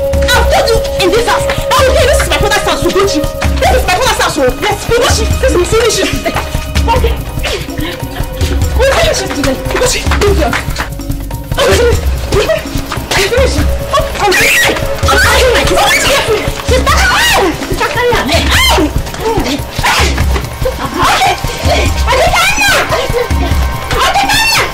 told you in this house. I will Now, you. this is my father's house, Ugochi. This is my father's house, oh. Yes, Ugochi. This is finish it. Okay. What are you doing today? Ugochi, do your. I'm finished. I'm finished. I'm finished. I'm finished. I'm finished. Sister, oh! Sister, carry her. Oh! Oh! Okay. I think I'm not. I think I'm not.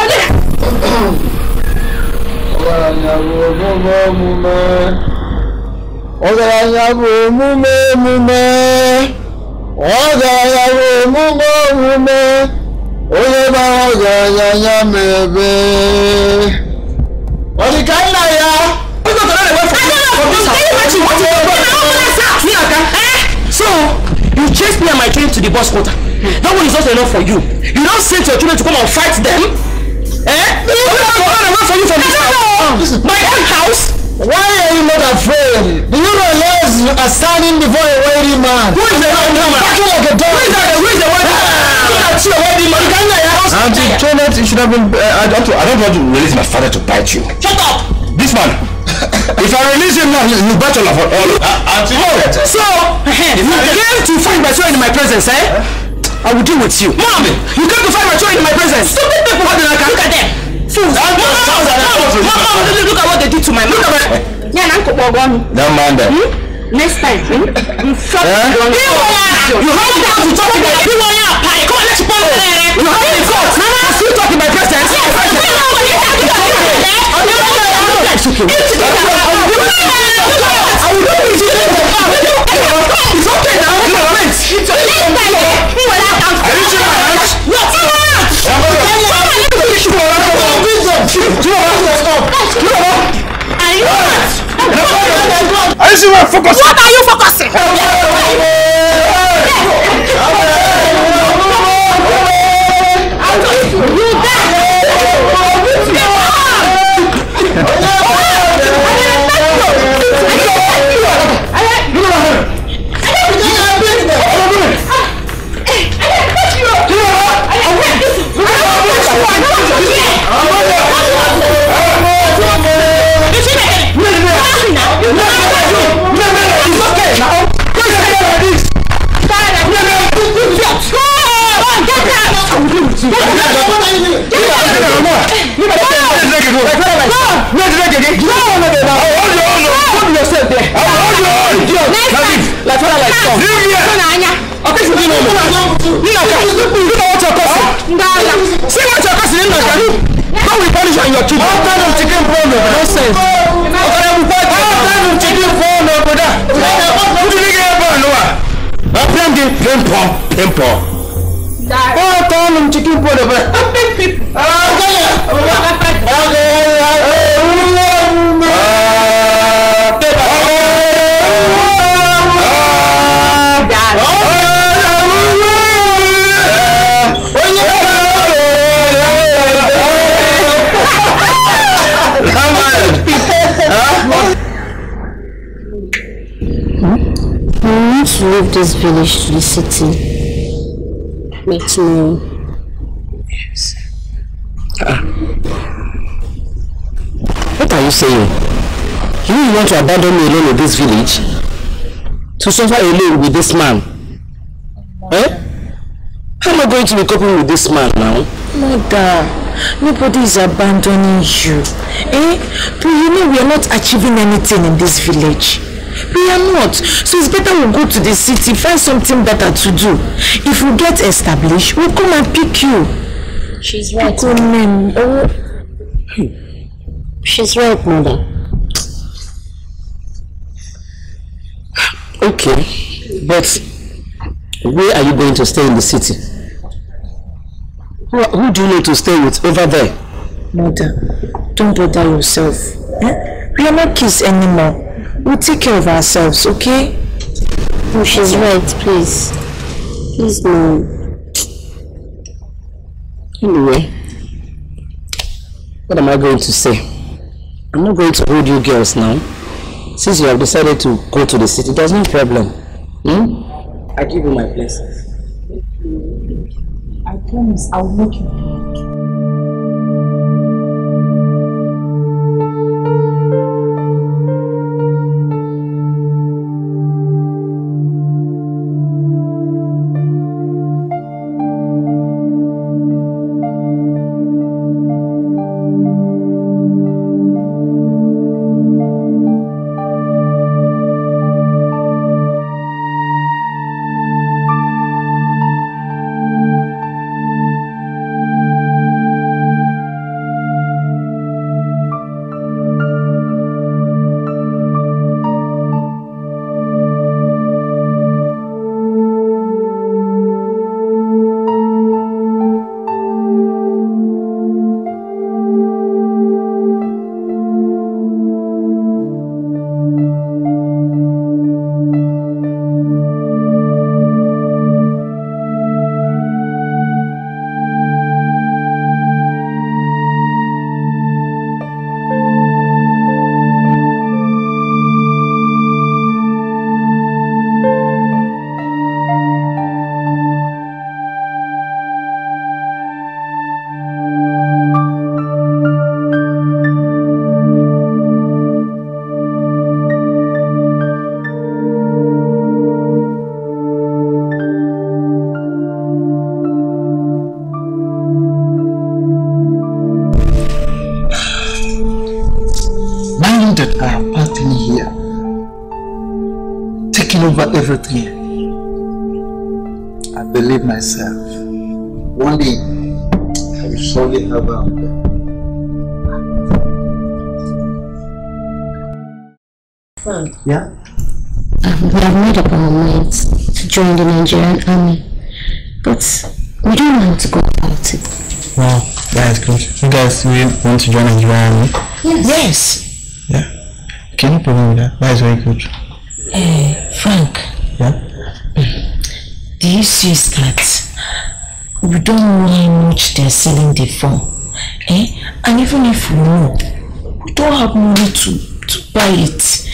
wọlé. ọ̀gá ìyàwó mú mọ́ mú mọ́ ọ̀gá ìyàwó mú mọ́ mú mọ́ onye bá ọ̀gá ìyàwó mẹ́bẹ́. ọ̀dìkà ńlá ya. ó sọ̀tọ̀ náà lè wẹ́ fún mi. ọ̀dìkà ńlá ya. mi àká. so you chased me and my children to the bus quarter. that one is not enough for you. you don send your children to come and fight them. Eh? No, no, no, no, no, no, no, no, my own eh? house. Why are you not afraid? Do you know realize you are standing before a wealthy man? Who is the wealthy man? Talking like a dog. Who is that? Who is the wealthy man? Look ah. at you, wealthy man. You can't let your house. Auntie Janet, you should have been. Uh, I don't. I don't want to release my father to bite you. Shut up. This man. if I release him now, he'll bite all of us. Uh, Auntie Janet. Oh. So, you came to find my son in my presence, eh? Huh? Eh? I will deal with you. Mom, you can't define my children in my presence. Stupid people holding like Look at them. Fools. Mom, mom, mom, mom, look, at what they did to my mom. Look at my... Yeah, and Uncle Bogoni. Don't mind them. Hmm? Next time, hmm? you fuck eh? you. You hold me down to talk about You have your pie. Come on, let's pump it. You hold to down. Mama. You still talk in my presence? Yes, I presence. You know what you're talking about. I no, no, no. It's okay. It's okay. I will do it. I will do it. I will do it. this is where i What are you focusing? Pimple. Pimple ko tonum cikin podo ba Let's leave this village to the city. Meet me. Yes. Ah. What are you saying? You want to abandon me alone in this village? To suffer alone with this man? Mother. Eh? How am I going to be coping with this man now? Mother. Nobody is abandoning you. Eh? But you know we are not achieving anything in this village we are not so it's better we go to the city find something better to do if we get established we'll come and pick you. she's right pick women owó. she's right mother. okay but where are you going to stay in the city. Who, who do you need to stay with over there? Mother, don't bother yourself. Eh? We are not kids anymore. We'll take care of ourselves, okay? No, oh, she's right, please. Please, no. Anyway, what am I going to say? I'm not going to hold you girls now. Since you have decided to go to the city, there's no problem. Hmm? I give you my blessings. I promise I will make you the Nigerian army. But we don't know how to go about it. Wow, that is good. You guys really want to join the Nigerian army? Yes. yes. Yeah. Can you problem with that. That is very good. Uh, Frank. Yeah? The issue is that we don't know how much they're selling the phone. Eh? And even if we know, we don't have money to, to buy it.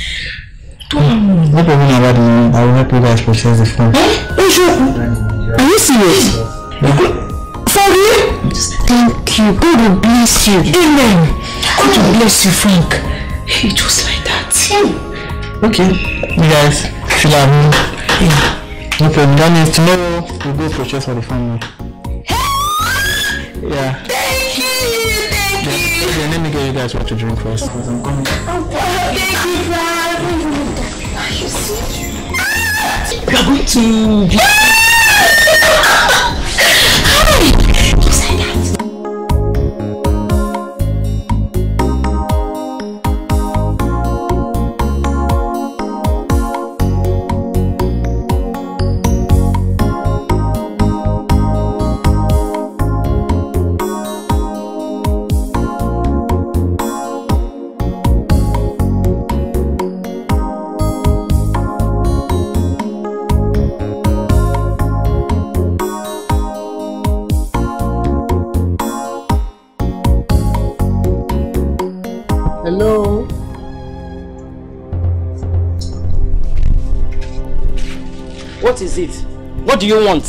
Hmm. No problem about the I will help you guys process the phone. Eh? Are you sure? Are you serious? For real? Thank you. God will bless you. Amen. God will bless you, Frank. Hey, just like that. Okay. You guys, chill out. Yeah. No problem. That means tomorrow we'll go process for the family. Hey! Yeah. Thank you. Thank yeah. you. Okay, let me get you guys what to drink first. I'm coming. I'm going to. What do you want?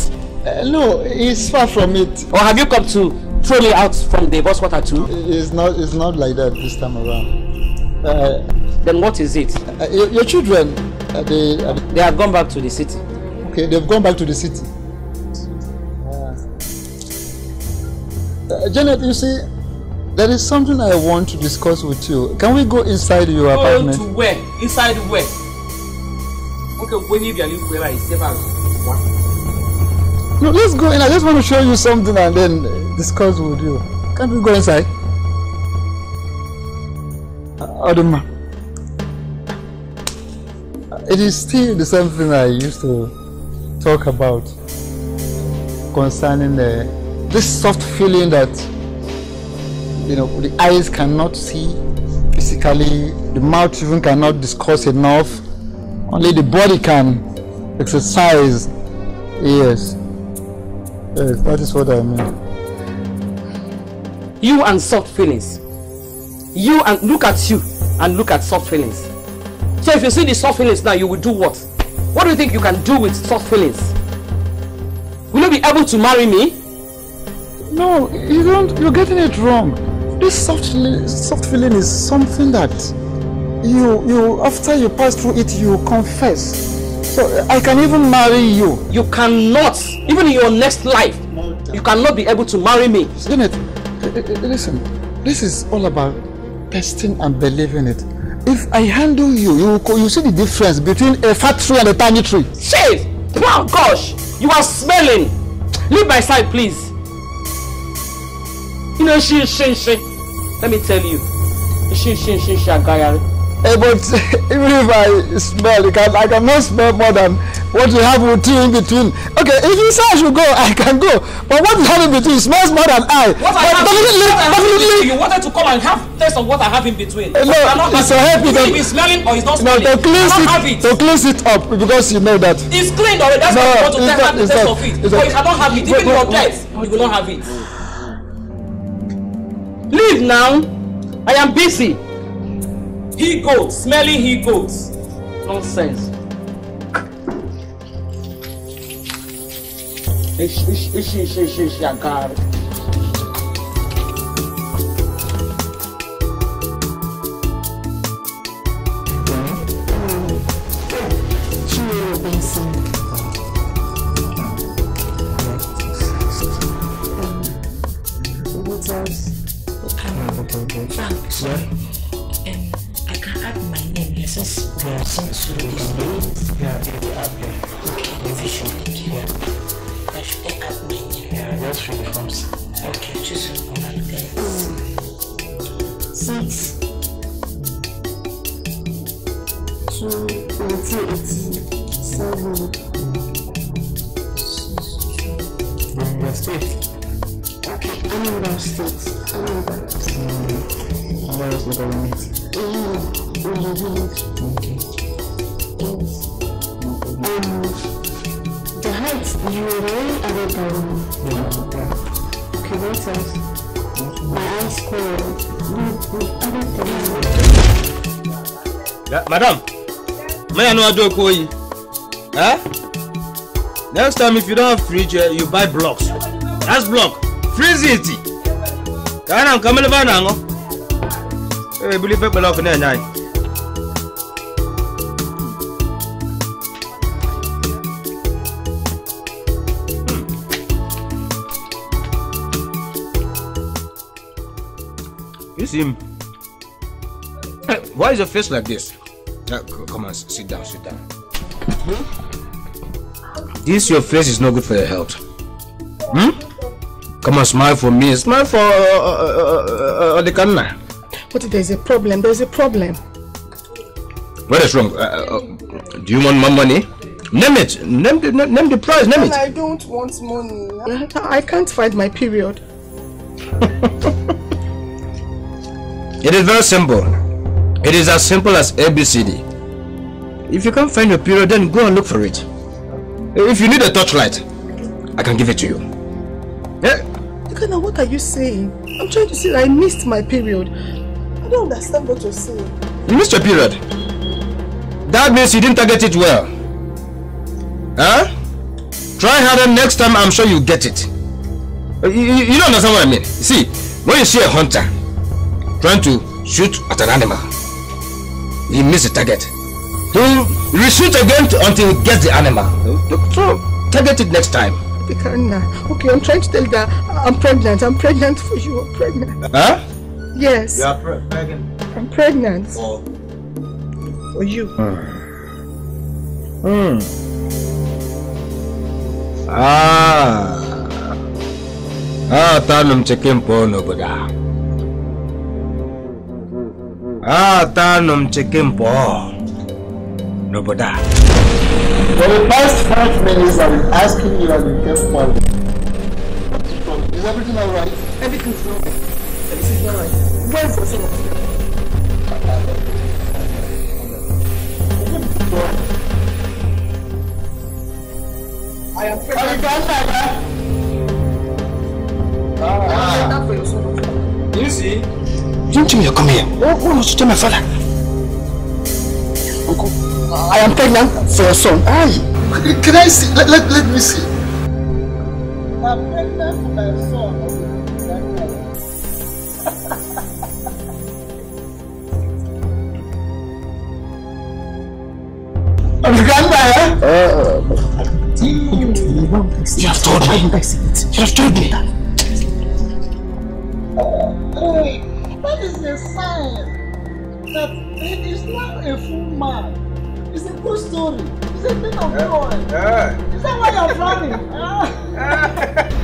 Uh, no, it's far from it. Or have you come to throw me out from the boss water too? It's not, it's not like that this time around. Uh, then what is it? Uh, your, your children, uh, they, uh, they have gone back to the city. Okay, they've gone back to the city. Uh, uh, Janet, you see, there is something I want to discuss with you. Can we go inside your go apartment? Go to where? Inside where? Okay, when you are living where I step out, No, let's go in. I just want to show you something and then uh, discuss with you. Can we go inside? Uh, Adama. Uh, it is still the same thing I used to talk about concerning the, this soft feeling that you know the eyes cannot see physically, the mouth even cannot discuss enough. Only the body can exercise. Yes. Eh, that is what I mean. You and soft feelings. You and look at you and look at soft feelings. So if you see the soft feelings now, you will do what? What do you think you can do with soft feelings? Will you be able to marry me? No, you don't. You're getting it wrong. This soft soft feeling is something that you you after you pass through it, you confess. So I can even marry you. You cannot, even in your next life, you cannot be able to marry me. Janet, listen, this is all about testing and believing it. If I handle you, you you see the difference between a fat tree and a tiny tree. Shit! Oh gosh! You are smelling! Leave my side, please. You know, she, she, she. Let me tell you. She, she, she, she, she, Eh, but even if I smell, I can, I cannot smell more than what you have with you in between. Okay, if you say I should go, I can go. But what you have in between smells more than I. What but I have, definitely, what I have in between, you wanted to come and have taste of what I have in between. Uh, no, it's a help. Even if it's smelling or it's not smelling, no, to it, have it. To cleanse it up because you know that. It's cleaned already. That's no, why you want to test, not, have the taste of it. But you cannot have it. Even your death, you will not have it. Leave now. I am busy. he goat smelling he goat nonsense. Ixi, ixi, ixi, ixi, ixi, agarro. Odoko yi eh next time if you don free chair eh, you buy blocks that's block freeze it kana nkamele ba nango eh, ebili pe block na nyai You see him? Eh, why is your face like this? come on, sit down, sit down. Hmm? This your face is not good for your health. Hmm? Come on, smile for me. Smile for uh, uh, uh, uh, uh the camera. But there's a problem. There's a problem. What is wrong? do you want my money? Name it. Name the, name the price. Name and it. I don't want money. I can't find my period. it is very simple. It is as simple as ABCD. If you can't find your period, then go and look for it. If you need a torchlight, I can give it to you. Yeah? Ikana, what are you saying? I'm trying to say I missed my period. I don't understand what you're saying. You missed your period? That means you didn't target it well. Huh? Try harder next time, I'm sure you will get it. Uh, you, you don't understand what I mean. See, when you see a hunter trying to shoot at an animal, he missed the target. He will reshoot again until he gets the animal. Doctor, target it next time. okay, I'm trying to tell that I'm pregnant. I'm pregnant for you. I'm pregnant. Huh? Yes. You are pregnant. I'm pregnant. For? For you. Hmm. Mm. Ah. Ah, tanum chicken pono, but ah. Hata For the past five minutes, I've been asking you, i you came forward. Is everything alright? Everything's alright. Everything's alright. Where's the song? I am pregnant. Are you done, Tyler? Ah. I am for your son. You see? Don't you come here. Oh, oh, my father. Uncle, I am pregnant for your son. Aye. Can I see? Let, let, let me see. I'm pregnant for my son. Uganda, eh? Uh, you have told me. You have told me. that he is now a full man. It's a good story. It's a thing of joy. Uh, is that why you're frowning?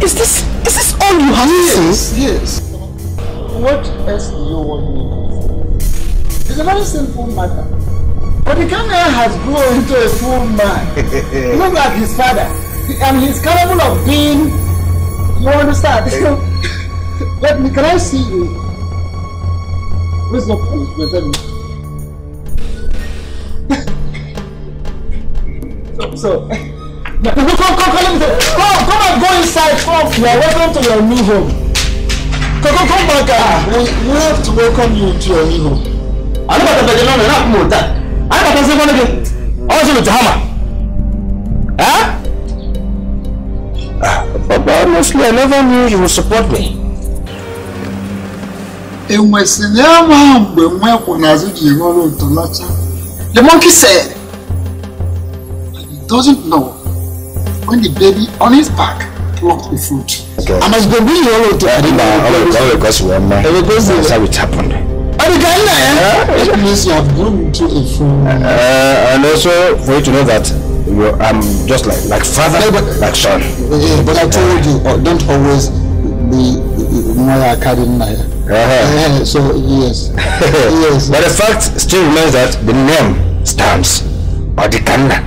is this is this all you have yes, Yes. What else do you want me to say? It's a very simple matter. But the camera has grown into a full man. Look at his father. And he's capable of being you understand? Hey. Let me, can I see you? Please don't punish me, tell me. so, come, come, come, come, come and go inside. Come, you are welcome to your new home. Come, come, come back. Ah, we, we have to welcome you to your new home. I don't know what you're not more that. I don't know what you're not. I was oh, with Hammer. Huh? Ah, honestly, I never knew you would support me. The monkey said, he doesn't know when the baby on his back plucked the fruit. Okay. And as baby yellow to Adina, all because we are mad. That's how it happened. Adina, yeah? It means you have grown into a and also for you to know that you're, I'm um, just like like father, no, but, like son. Yeah, but I told yeah. you, don't always be more academic. Uh-huh. so yes. yes. But the fact still remains that the name stands. Odikana.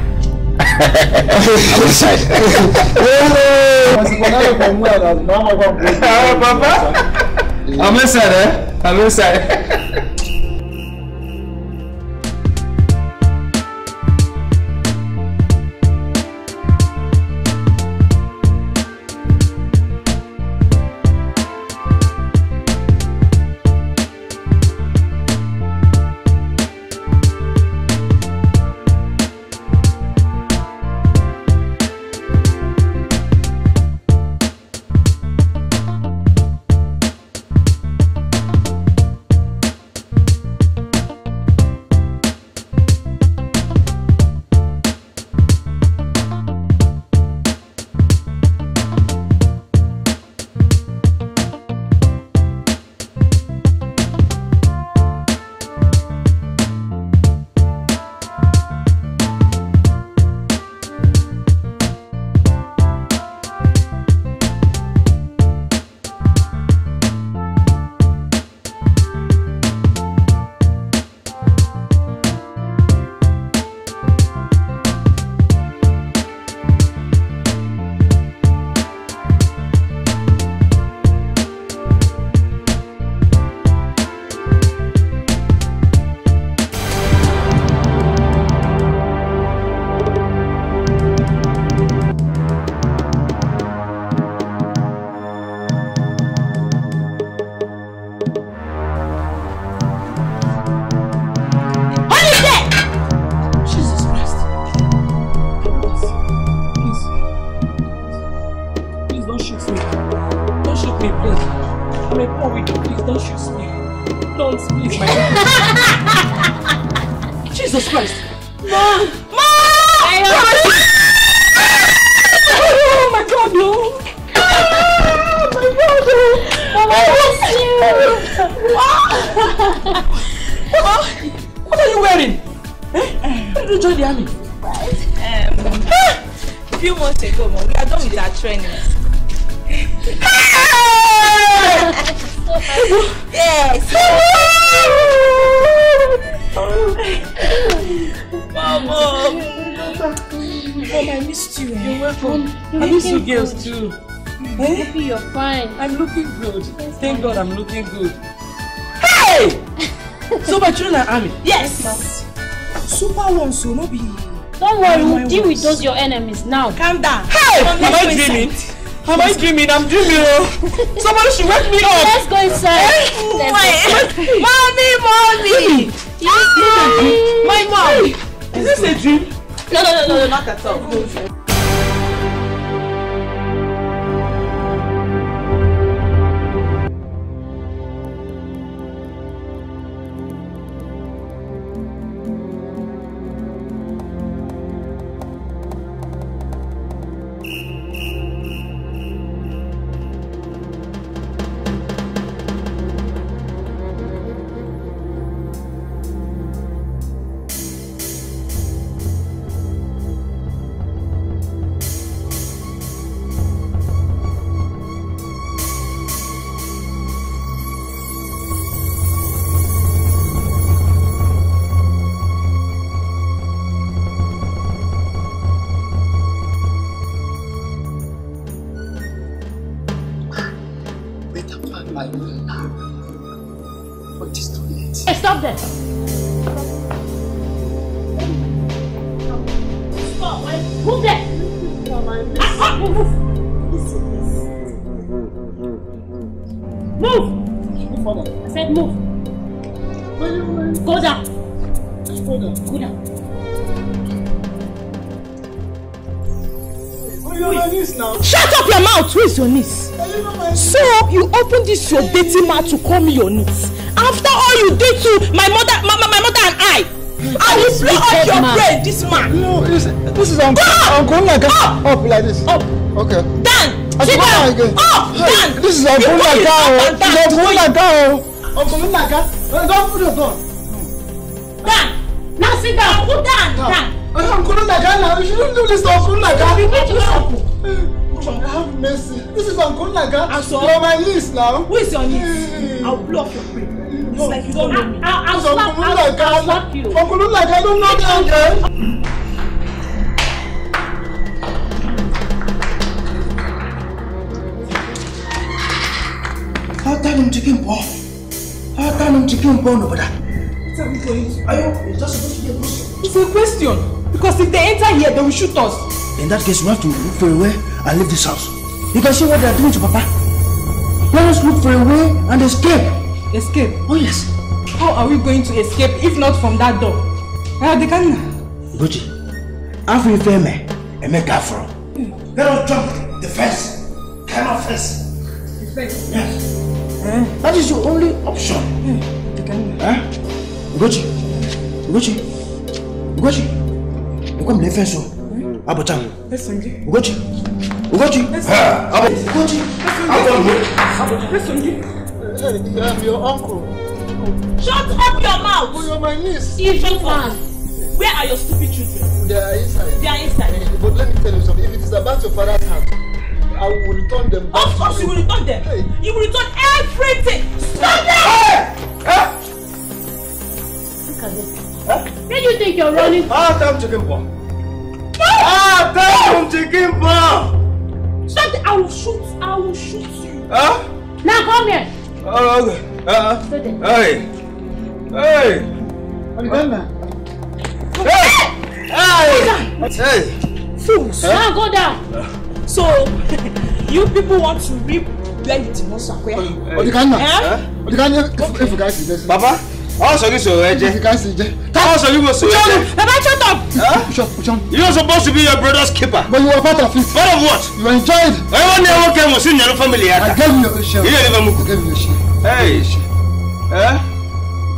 I'm inside. I'm inside, eh? I'm inside. God I'm looking good. Hey! so my children are army? Yes. Super one so no be. Don't worry, we'll deal with those your enemies now. Calm down. Hey! Am I dreaming? Am I dreaming? I'm dreaming. Oh. Somebody should wake me up. Let's go inside. Let's Wait. Go. mommy, mommy. Yes, ah, my mom. Is this a dream? No, no, no, no, no not at all. use your dating man to call me your niece after all you did to my mother my, my, my mother and I and you blow up your man. brain this man. no this, is uncle uncle like up, up like this. up okay. dan sit down up dan this is uncle naga o oh. this is uncle naga o oh. uncle naga Don't put your gun. dan now sit down put Dan. dan. uncle naga na you should do this to uncle naga. you be which uncle. John. Have mercy. This is Uncle Naga. Aso. Ah, You're on my list now. Who is on it? I'll block your brain. No. like you don't know me. Ah, ah, I'll slap I'll, I'll slap you. Uncle Naga, I don't know you. Ata num chicken ball. Ata num chicken ball no brother. It's a question. Ayo, it's just supposed to be a It's a question. Because if they enter here, they will shoot us. In that case, we have to look for a way and leave this house. You can see what they are doing to Papa. Let us look for a way and escape. Escape? Oh, yes. How are we going to escape if not from that door? Uh, eh, they can... Gucci, after you fail me, I make up for Let us jump the fence. Climb up fence. The fence? Yes. Eh? That is your only option. Hmm. Eh? They can... Eh? Gucci, Gucci, Gucci, you come to the fence. Hmm? Abutam. Yes, Sanji. Gucci. Ugochi! Abo! Ugochi! Abo! I'm your uncle. Shut up your mouth! Oh, you're my niece. Evil ones. Where are your stupid children? They are inside. They are inside. But let me tell you something. If it is about your father's house, I will return them back. Of course you will return them. Hey. You will return everything. Stop it! Hey! Hey! Look at this. Huh? Where do you think you're running? Ah, time chicken bomb. Ah, time chicken bomb. Stop it! I will shoot. I will shoot you. Huh? Now come here. Oh, okay. Uh, Stay there. Hey. Hey. What you Remember. Hey. Hey. Go down. hey. Fools. Huh? Now go down. So, you people want to reap where you did not suffer. Odikanya. Eh? Odikanya. If you guys. Baba ọ sọ ní sọ̀rọ̀ ẹ jẹ́ ọ sọ ní mo sọ̀rọ̀ ẹ jẹ́. baba shut up. you eh, are eh, supposed to be your brother's keeper. but you were part of it. part of what. you enjoyed. ẹ̀wọ́n ní ẹ̀wọ́n kẹ́mọ̀ sí ìyànú family yàtà. I gave you your share. ilé ìlú mú. I gave you your share. Hey. Eh?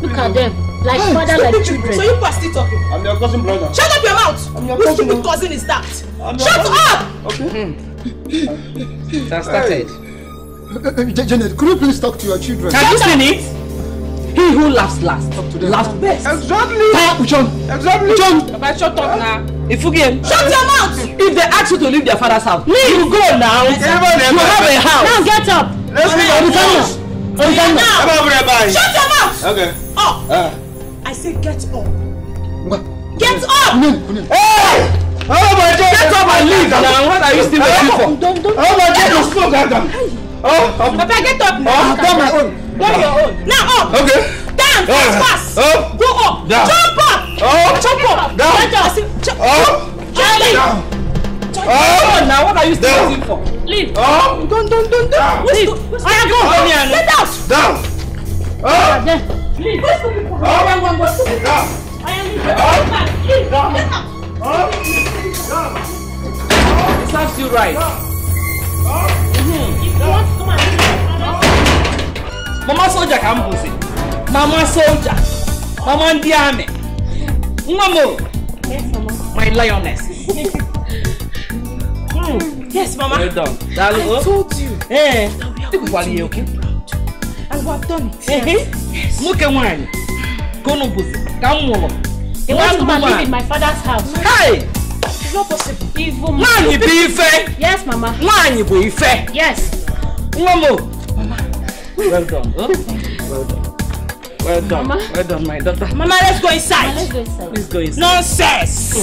Look at them. Like hey, father, like children. So you pass still talking? I'm your cousin brother. Shut up your mouth! I'm your Which cousin. stupid cousin is that? I'm Shut cousin. up! Okay. Mm. That started. Hey. Janet, could you please talk to your children? Can you see it? he who laughs last laughs best. exactly tire john exactly john. baba shut up now. na ifuge. shut your mouth. if they ask you to leave their father's house. leave you go now. you have a house. now get up. let's leave our house. Ntanda. Ebe ọ Shut your mouth. Okay. Up. Uh. I say get up. What? Get up. No, Hey! Oh my God! Get up and leave now. What are you still waiting for? Don't, don't. Oh my God! You spoke, Adam. Oh, um, Papa, get up now. Oh, come on your own. Now up. Okay. Down. Fast, fast. Up. Go up. Down. Jump up. Up. Jump up. Down. Let us see. Jump up. Charlie. Down. Up. On now. What are you still waiting for? Leave. Up. Don't, don't, don't, don't. Leave. I am going from here. Get out. Down. Up. Leave. What's the people? Up. One, one, one. Down. I am leaving. Up. Leave. Down. Get out. Up. Down. It serves you right. Up. Up. Mm-hmm. If you want to come and mama soja ka m bụzi mama soja mama ndị amị nwa m my lioness hmm. yes mama well done. Dalo. I told you want ee ekwukwala ya oke nwoke nwanyị ka Man, you be fair. Yes, mama. Man, you be fair. Yes. nwa m well done. Huh? Well done. Well done. Mama. Well done, my daughter. Mama, let's go inside. Mama, let's go inside. Please go inside. Nonsense! Go.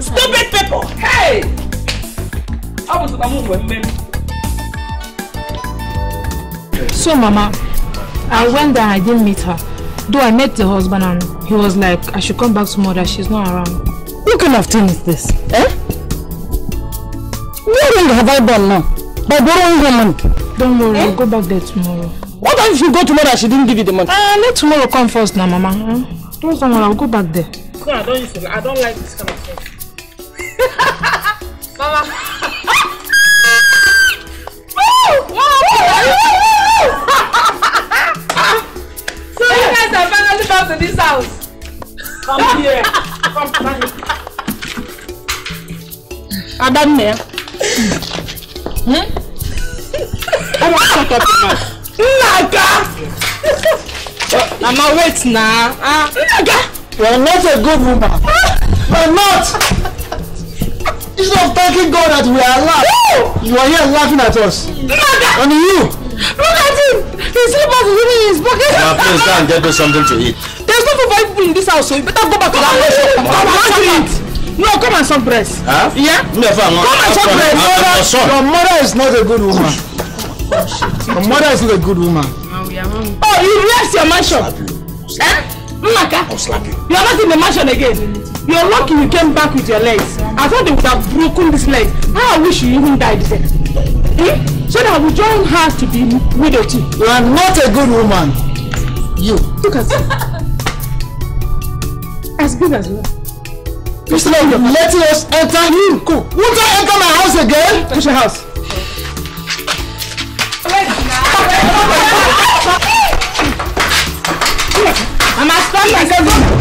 Stupid people! Hey! I was going move with So, Mama, I went there I didn't meet her. Though I met the husband and he was like, I should come back to mother, she's not around. What kind of thing is this? Eh? Where have I done now? By borrowing her money? Don't worry, eh? I'll go back there tomorrow. What if you go tomorrow she didn't give you the money? Uh, let tomorrow come first now, Mama. Hmm? Don't someone, I'll go back there. No, I don't listen. I don't like this kind of thing. Mama. so you guys are finally back to this house. Come here. Come, come here. Adam, man. Hmm? to not talking about Nnaka! Mama, wait now. Ah. You are not a good woman. Ah! You're not. Instead of thanking God that we are alive, you are here laughing at us. Nnaka! And you! Look at him! His slippers is even in his pocket. Now please go and get us something to eat. There's no food for people in this house, so you better go back to that house. Come and eat! No, come and suck breast. Huh? Yeah? Come and suck breast. Your mother is not a good woman. Your mother is not a good woman. Oh, you left your mansion. Eh? Mmaka, you are not in the mansion again. You are lucky you came back with your legs. I thought they would have broken this leg. How I wish you even died there. Eh? So that we would join her to be widow too. You are not a good woman. You. Look at you. as good as well. Please let letting us enter you. Cool. Won't I enter my house again? your house? Mama, stop myself.